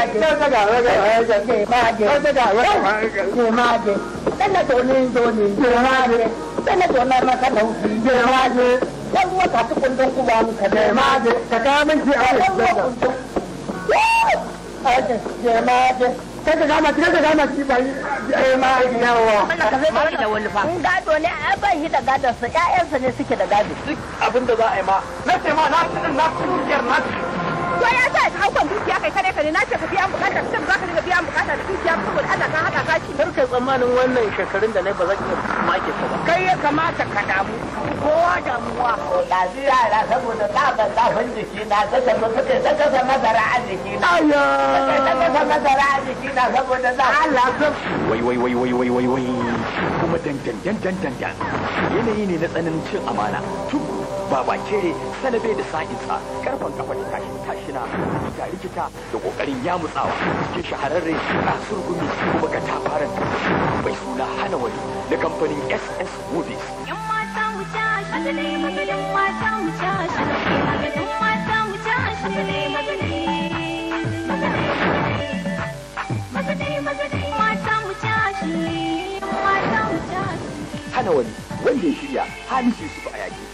ma ta ka ka ke ma ta ka ka ke ma ke ma ke ma ta ka ke ma ka ka sai ka gama ka gama ci da wani fa gado ne a ban shi da gadon sa ƴaƴansa ne suke da gado duk abin da za a yi ma na ce ma na ci na ci na ci to ya sa ka hankon dukiya kai kare kare na ce ka biya bukata ka za ka biya bukata da dukiya ba saboda Allah ka haɗa ka ci kar kai tsammanin wannan shekarun da na ba zan iya make ta ba kai ya kamata ka damu kowa damuwa ko ɗazu yara saboda tsaban tsafin jiki na ta tafi suke ta kasa masara a jiki na aya ta kasa masara a jiki na saboda za Allah ka wai wai wai wai wai wai wai kuma dandan dandan dandan yanayi ne na tsananin cin amana tun. baba sanabe da sa'insa karfan kafa da tashi tashina ta rikita da kokarin ya mutsawa cikin shahararre nasur gumi kuma ga tafaran mai suna hana wani na kamfanin ss movies yan hana wani wanda ya shirya hali su a yaki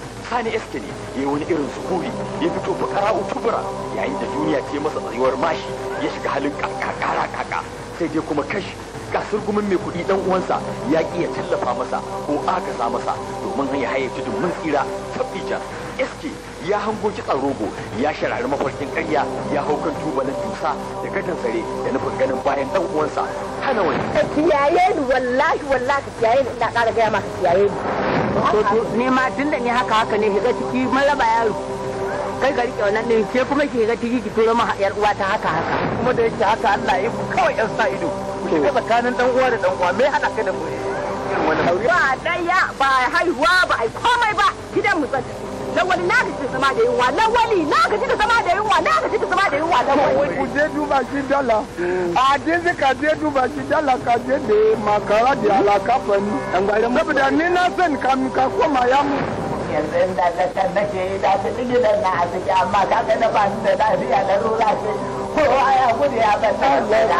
sani eske ne ya yi wani irin sukuri ya fito fakara utubura yayin da duniya ce masa tsayuwar mashi ya shiga halin kakakara kaka sai dai kuma kashi gasar gumin mai kuɗi dan uwansa ya kiya ya tallafa masa ko aka sa masa domin ya haye domin tsira tsira tabbija eske ya hango kitsan rogo ya sharari mafarkin ƙarya ya hau kan tubalin dusa da gadon sare da nufin ganin bayan dan uwansa hana wani. kiyaye ni wallahi wallahi kiyaye ni ina ƙara gaya maka kiyaye ni. ni ma tun da ni haka haka ne shiga ciki maraba yaro kai ka rike wannan din ke kuma ki shiga ciki ki turo ma yar uwa ta haka haka kuma da yake haka Allah ya kawai yan sa ido ki ga tsakanin dan uwa da dan uwa me hada kai da mu ba daya ba haihuwa ba ai komai ba gidan mu tsaka lawali na gaji da zama da yunwa lawali na gaji da zama da yunwa na gaji da zama da yunwa lawali ku je duba shi dala a dinzi ka je duba shi dala ka je da makara da alaka fani saboda ni na san kamin ka koma ya mu yanzu da lantar na ke da su ɗigi da na asiki amma ka ga na ba su da lafiya da rura ce kowa ya gudu ya ta da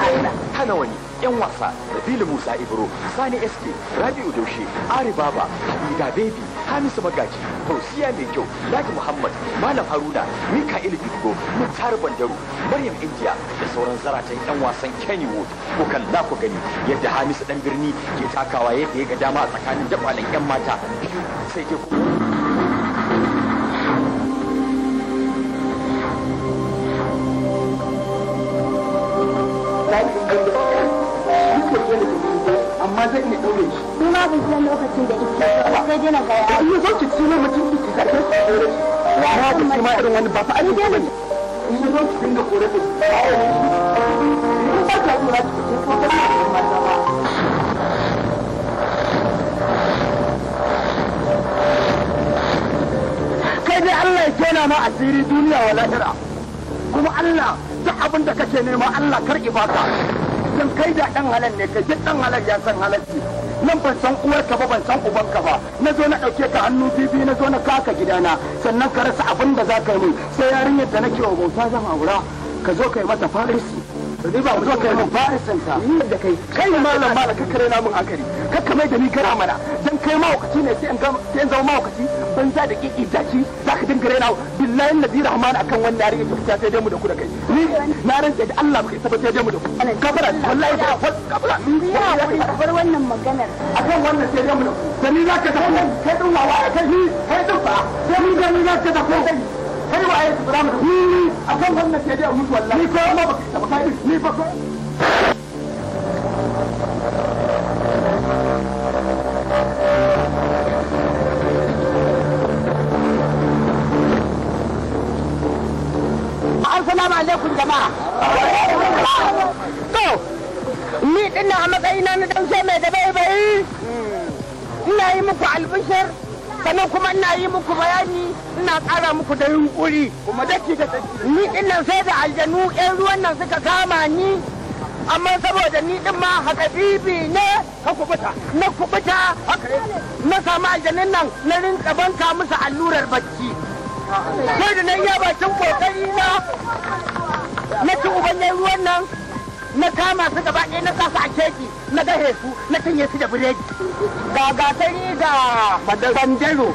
hana wani 'yan wasa Nabila Musa Ibro, Sani SK, Rabi Daushe, Ari Baba, Ida Baby, Hamisu Magaji, Hausiya Mai Kyau, Ladi Muhammad, Malam Haruna, Mika'il Bidigo, Mutar Bandaru, Maryam India da sauran zaratan 'yan wasan Kennywood. Ko kan za ku gani yadda Hamisu dan birni ke takawa yadda ya ga dama a tsakanin dabalin 'yan mata biyu sai ke kuma Thank you. amma zan iya daure shi ni ma ban san lokacin da ike sai dai na ga ya ki mutum ki ka ke shi ma irin wani ba fa dai zo ki dinga kore ki ni ba ka ki ko ka ba kai dai Allah ya kena ma asiri duniya wa lahira kuma Allah duk abin da kake nema Allah kar ibaka kan kai da dan halal ne kai ɗan halar ya san halalci nan ban san ka ba ban san ka ba na zo na ɗauke ka hannu bibi na zo na kaka gidana sannan ka rasa abin da za ka yi sai yarinyar da nake wa bauta zan aura ka zo ka yi mata farisi ni ba zo kai mu ba san ka ni da kai kai malam malam ka kare na mun hankali ka kamar da ni gara mana dan kai ma wakaci ne sai an ga sai an zama ma wakaci banza da kiki daci zaka dinga raina billahi nabi rahman akan wannan yarinya ki fita sai dai mu da ku da kai ni na rantsa da Allah kai tabbata sai dai mu da ku kafara wallahi ka kafara ni ya wuri bar wannan maganar akan wannan sai dai mu da ku da ni zaka ta kai din wawa kai ni kai din ba sai ni ga ni zaka ta kai kai wa aiki tsira mu ni akan wannan sai dai mutu wallahi ni ko ma baka taba kai ni fa ko Assalamu alaikum jama'a. To, ni dinnan a matsayina na dan sai mai da bai bai. Ina yi muku albishir sannan kuma ina yi muku bayani ina ƙara muku da yunƙuri kuma da ni ina sai da aljanu yan ruwan nan suka kama ni amma saboda ni din ma haka bibi ne ka kubuta na kubuta na samu aljanun nan na rinka banka musu allurar bacci sai da na iya bakin kokari na na ci uban ruwan nan na kama su gaba ɗaya na sa a keji na gahe su na cinye su da biredi ga gatari ga bandaro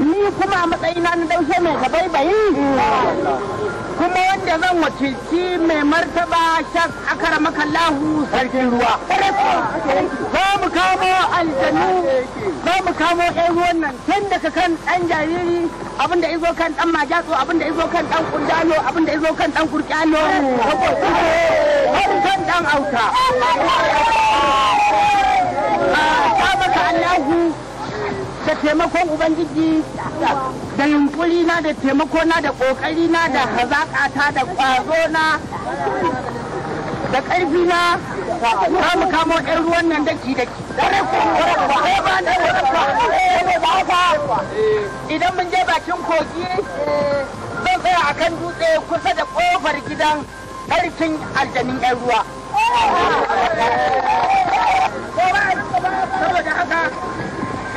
ni kuma a matsayina na daushe mai gabaibayi kuma wanda zan wakilci mai martaba shas akara makallahu sarkin ruwa za mu kamo aljanu za mu kamo Ego nan tun daga kan ɗan jariri abinda izo kan ɗan majatsu abinda izo kan ɗan kundalo abinda izo kan ɗan kurkyalo har kan ɗan auta ah, ta maka allahu da taimakon ubangiji da yunkuri na da taimako na da kokari na da hazakata da kwazo na da karfi na kamu kamo ɗan ruwan nan daki ki idan mun je bakin kogi zan tsaya a kan dutse kusa da ƙofar gidan karfin aljanin 'yan ruwa saboda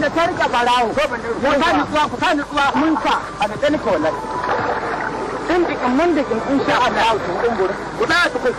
da barawo. ka nutsuwa ku ka nutsuwa mun ka. A da ɗan ka wallahi. Din dikin mun dikin in sha Allah ku Ku da su ku.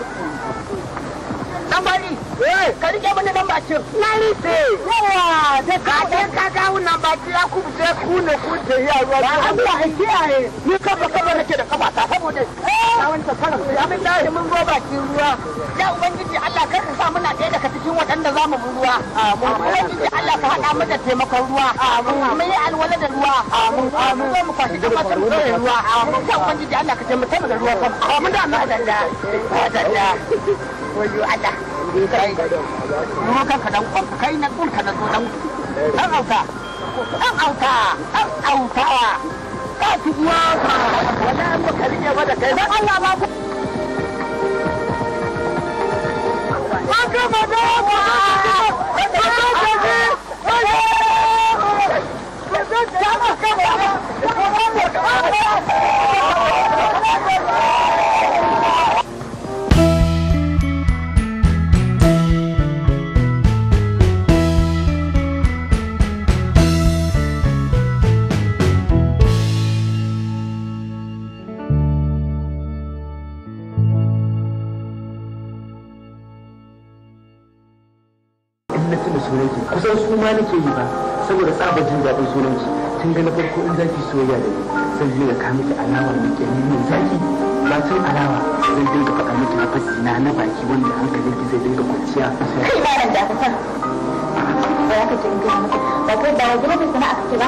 Dan bani. Eh, ka rike mun dan bakin. Na rike. Eh. Yawa, da ka da ka ga wannan baki ya ku je ku ne ku je ya ruwa. Ba Allah ya kiyaye. Ni kafa kafa nake da kafa ta saboda. Ya eh. mun da mun go ruwa. ya ubangiji Allah kar ka sa muna ɗaya daga cikin waɗanda za mu ruwa ubangiji Allah ka haɗa mu da taimakon ruwa mu yi alwala da ruwa mu zo mu kwashi da masu ruwa da ruwa ubangiji Allah ka taimaka mu da ruwa kan da Allah da da da Allah kai kan ka dan kwan kai na kun ka na zo dan dan auta dan auta dan auta ka tuwa wala mu kariya wada kai Allah ba ku 干嘛呢？我他妈！我他妈想你！我他妈！你他妈想我干嘛呢？我他妈！dan su ma nake yi ba saboda tsaba jin daɗin sunanci tun da na farko in zaki soyayya da ni zan dinga ka miki alawa mai kyanin mai zaki bacin alawa zan dinga faɗa miki lafazi na na baki wanda hankalin ki zai dinga kwanciya kai ba da san ba ka dinga ba kai ba wani sana'a kake ba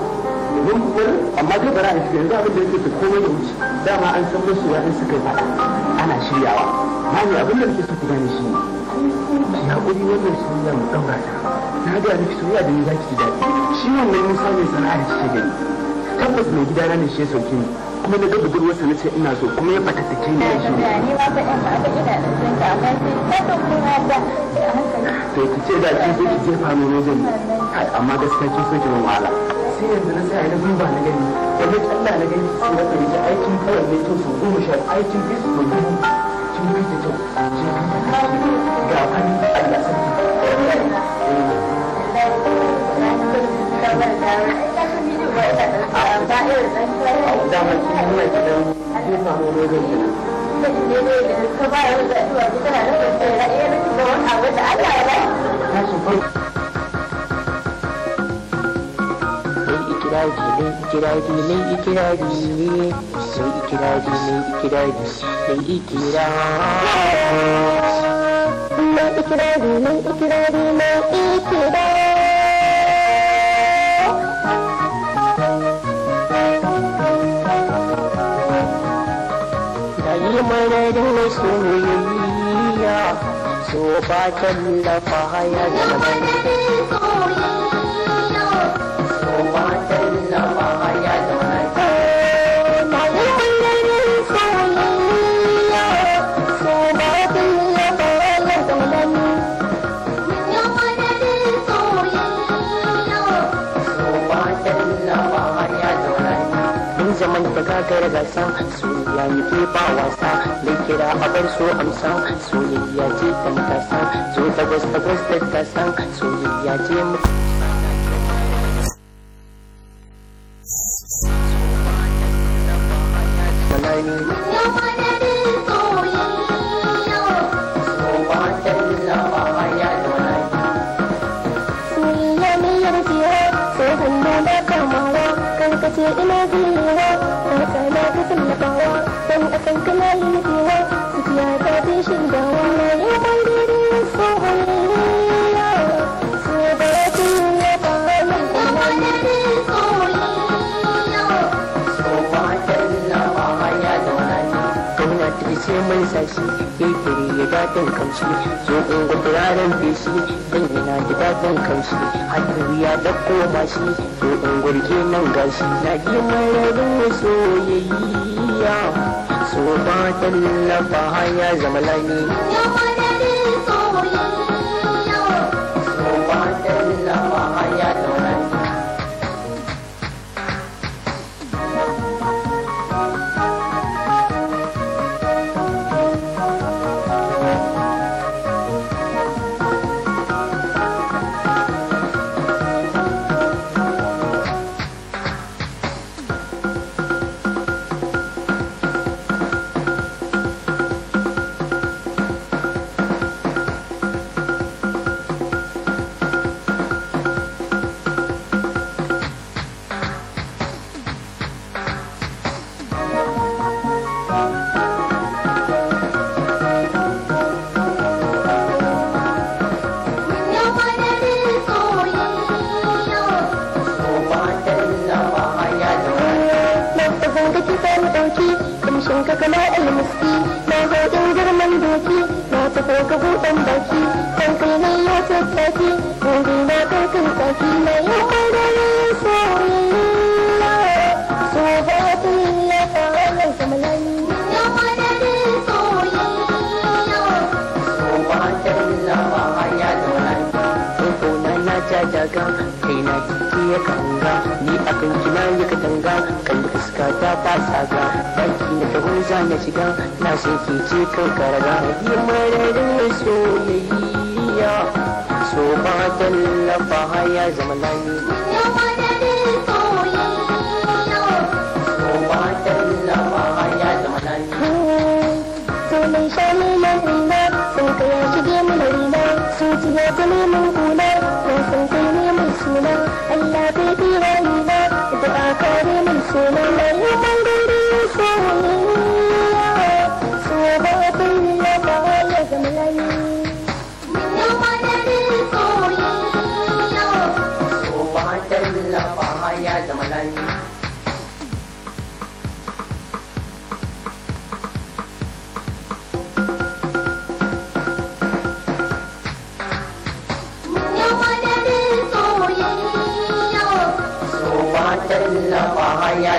mun wani amma dai bara a cikin yanzu abin da yake ko wani wuce dama an san musu ya in suka faɗa ana shiryawa mani abin da nake so ku gane shi ki haƙuri wannan soyayya mu ɗaura ta na ga miki soyayya da ni za ki ji daɗi shi wannan musa mai sana'a da ce gani tabbas mai gidana ne shi ya sauke ni kuma na ga budurwarsa na ce ina so kuma ya fata fatattake ni da shi ne ba ba to ki ce da kin so ki jefa mu ne zan yi. amma gaskiya kin so ki mun wahala sai yanzu na tsaya na duba na gani wanda Allah na gani sai na fahimci aikin kawai zai to sau goma sha aikin fi sau dubu sun fi da kyau sun kyau ga Allah sarki. ikirari mai ikirari mai ikirari mai mai da masoyiya bar gasa soyayya muke ba wasa da kira a bar su amsa soyayya ce kan kasa zo ta gwas ta gwas soyayya ce mutum mai sashi kekere ya daɗin kamshi zo in ga turaren fishi dan ina da daɗin kamshi hannu ya da koma shi zo in gurge nan gashi na ji mai rabu soyayya so ba ta tallafa ya zama ya ba da soyayya so ba ta tallafa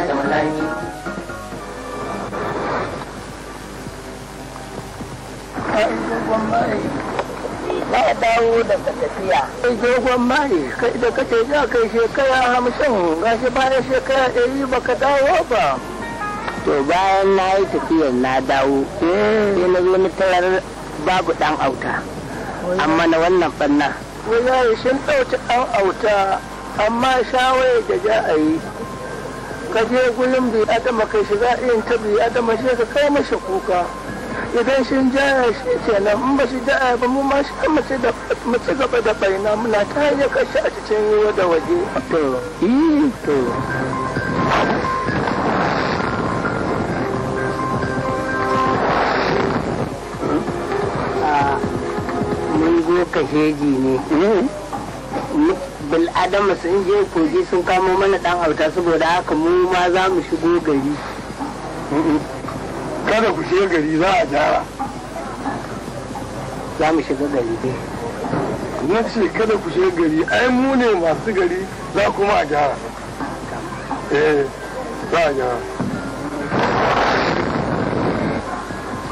ya kamar dawo daga tafiya dogon kace za kai shekara hamsin gashi bayan shekara baka dawo ba to bayan na yi tafiyan na dawo eh. sai na zo na babu ɗan auta amma na wannan fanna. Wani sun ɗauki ɗan auta amma shawarar da za a yi ka je gurin bai adama kai shiga in ta bai adama shi ka kai mashi kuka idan shi jaya shi nan in ba shi jaya ba mu ma shi kan mu ci gaba da baina muna ta hanyar kashi a cikin yiwa da waje. to eh, to ah, mun zo ka ji ne hmm? bil adama sun je kogi sun kamo mana dan hauta saboda haka mu ma za mu shigo gari kada ku shiga gari za a gyara za mu shiga gari dai na ce kada ku shiga gari ai mu ne masu gari za kuma a gyara eh za a gyara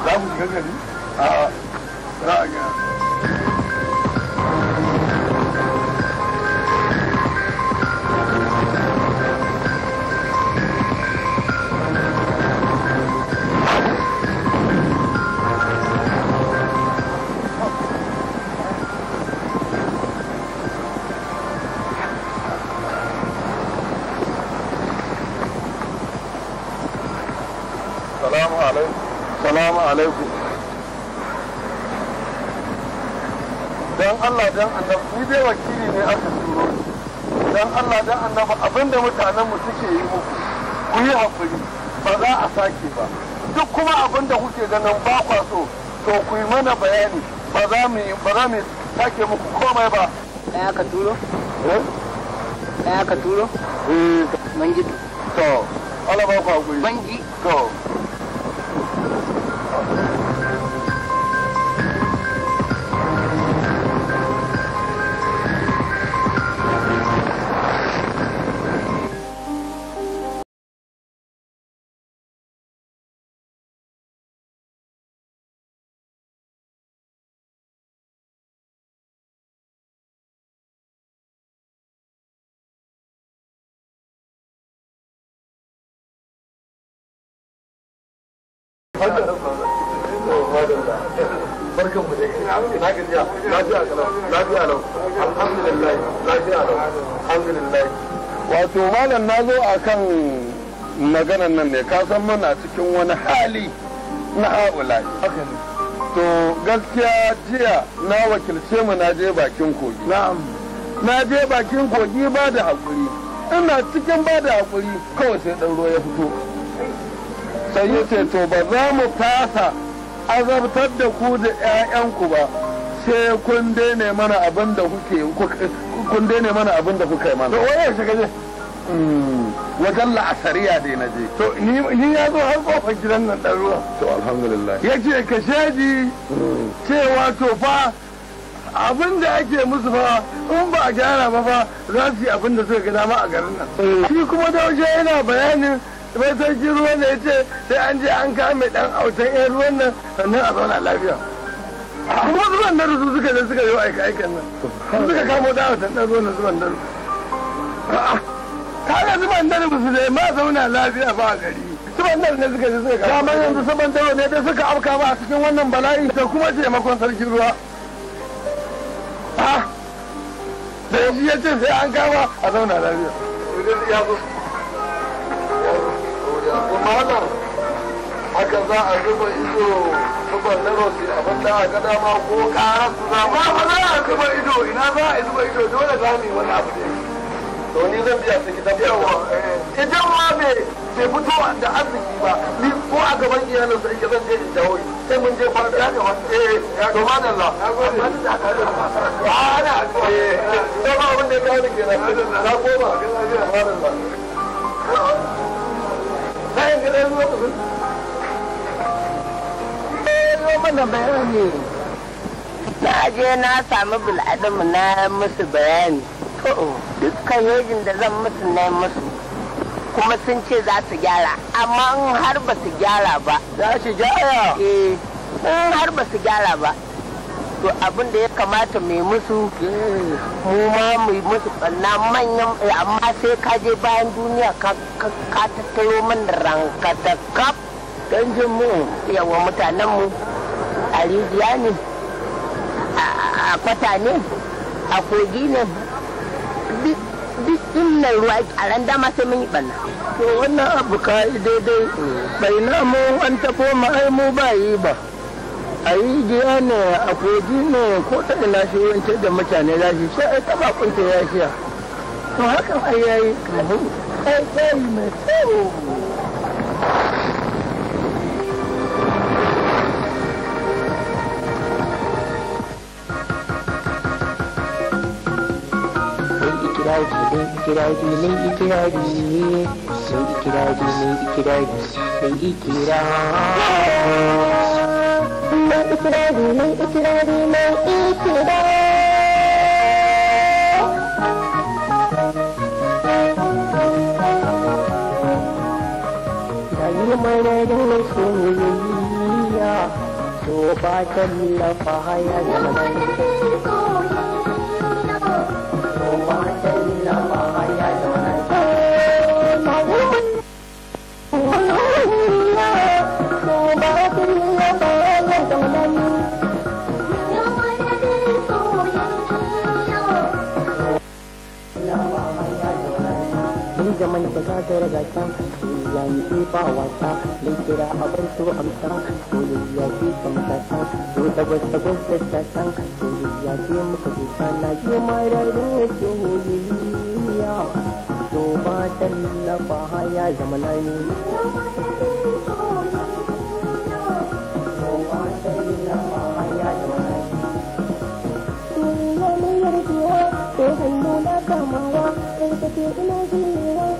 za ku shiga gari a za a gyara alaikum dan Allah dan annabi ni dai wakili ne aka turo dan Allah dan annabi abinda mutanen mu suke yi muku ku yi hakuri ba za a sake ba duk kuma abinda kuke ganin ba kwa so to ku yi mana bayani ba za mu ba za mu sake muku komai ba kai aka turo eh kai aka turo eh mangi to Allah ba ku hakuri mangi ji to wato malam na zo a kan maganan nan ne kasan mana cikin wani hali na haula to gaskiya jiya na wakilce mu na je bakin kogi na je bakin kogi ba da haƙuri ina cikin ba da haƙuri kawai sai ɗan ruwa ya fito sai ya ce to ba za mu fasa azabtar da ku da 'ya'yanku ba sai kun daina mana abin da kuke kun daina mana abin da kuka yi mana to waye shi gaje hmm, wajen la'asariya dai na je to ni ya zo har kofar gidan nan ɗan ruwa to alhamdulillah ya ce ka shaji hmm. cewa to fa abin da ake musu fa in ba a gyara ba fa za su yi abin da suka ga dama a garin nan hmm. shi kuma da wajen yana bayanin mai sauki ruwan da ya ce sai an je an kame dan autan yan ruwan nan sannan a zauna lafiya kuma zuban da su suka je suka yi wa aika aikan nan suka kamo da autan dan ruwan zuban da kaga zuban da su da ma zauna lafiya ba gari zuban da ne suka je suka kamo kamar yanzu zuban da ne dai suka afka ba a cikin wannan bala'i da kuma taimakon sarki ruwa da shi ya ce sai an kama a zauna lafiya kuma wannan haka za a zuba ido zuba narosi abin da aka dama ko kara su za ma ba za a zuba ido ina za a zuba ido dole za mu yi wani abu ne to ni zan biya su kitab yawa eh, idan ma bai bai fito da arziki ba ni ko a gaban iyalin sa yake zan je in dawo sai mun je fara ya ga wani eh ya ga ma da eh, ba eh ba ya ni kenan na koma la bayan na je na sami bil'adamu na musu bayani dukkan yajin da zan musu na musu kuma sun ce za su gyara amma in har ba su gyara ba za su gyara eh in har ba su gyara ba to abin da ya kamata mai musu mu ma mu musu ɓanna manyan eh, amma sai ka je bayan duniya ka tattaro man ta kaf don jin mu yawa mutanen mu a rijiya ne a kwata ne a kogi ne duk inna ruwa a ran dama sai mun yi ɓanna to wannan abu ka daidai bai na mu an tafo mu ai mu ba yi ba a yi biya ne a kogi ne ko ta ina da mutane lafi sai ai taba kunta ya fiya to haka ai yayi ai kai mai mai も移ろりも移ろでも一度何もないでもすぐにいやそばちゃんらファイヤーじゃない Oh, my God. da zagar gata yanki ba wata mai kira abin to amsa dole ya kamtata to tabbas tabbas tattata dole ya ke muka zuta na ke mara rufe holiya to ba tallafa ya zama na ne Thank you.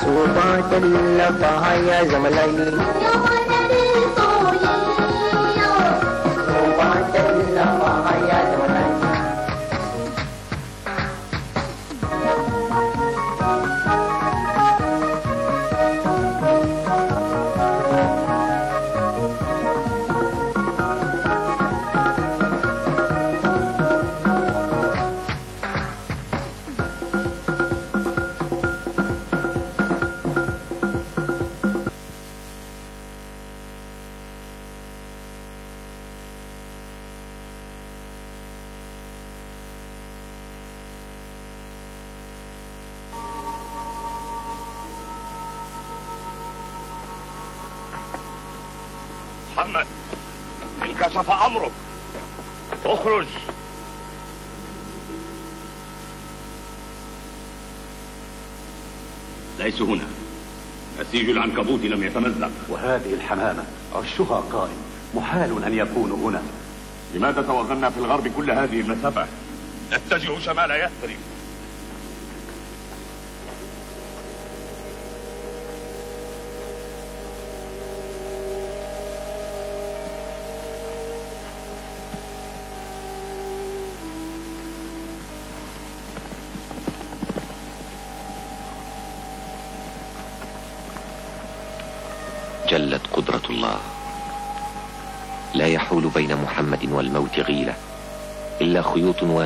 so laba tallafa ya zama lani ليسوا هنا نسيج العنكبوت لم يتمزق وهذه الحمامة عشها قائم محال أن يكون هنا لماذا توغلنا في الغرب كل هذه المسافة؟ نتجه شمال يثرب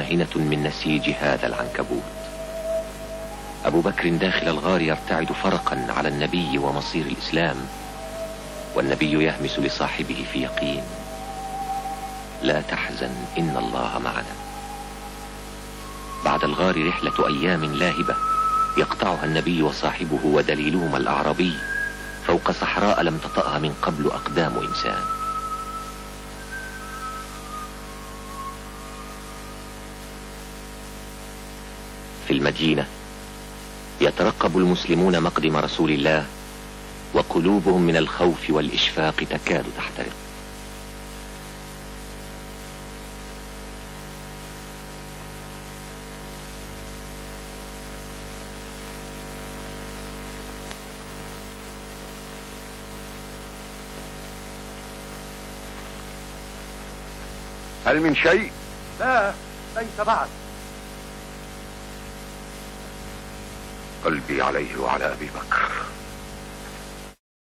واهنة من نسيج هذا العنكبوت أبو بكر داخل الغار يرتعد فرقا على النبي ومصير الإسلام والنبي يهمس لصاحبه في يقين لا تحزن إن الله معنا بعد الغار رحلة أيام لاهبة يقطعها النبي وصاحبه ودليلهما الأعرابي فوق صحراء لم تطأها من قبل أقدام إنسان المدينة يترقب المسلمون مقدم رسول الله وقلوبهم من الخوف والإشفاق تكاد تحترق هل من شيء؟ لا ليس بعد قلبي عليه وعلى أبي بكر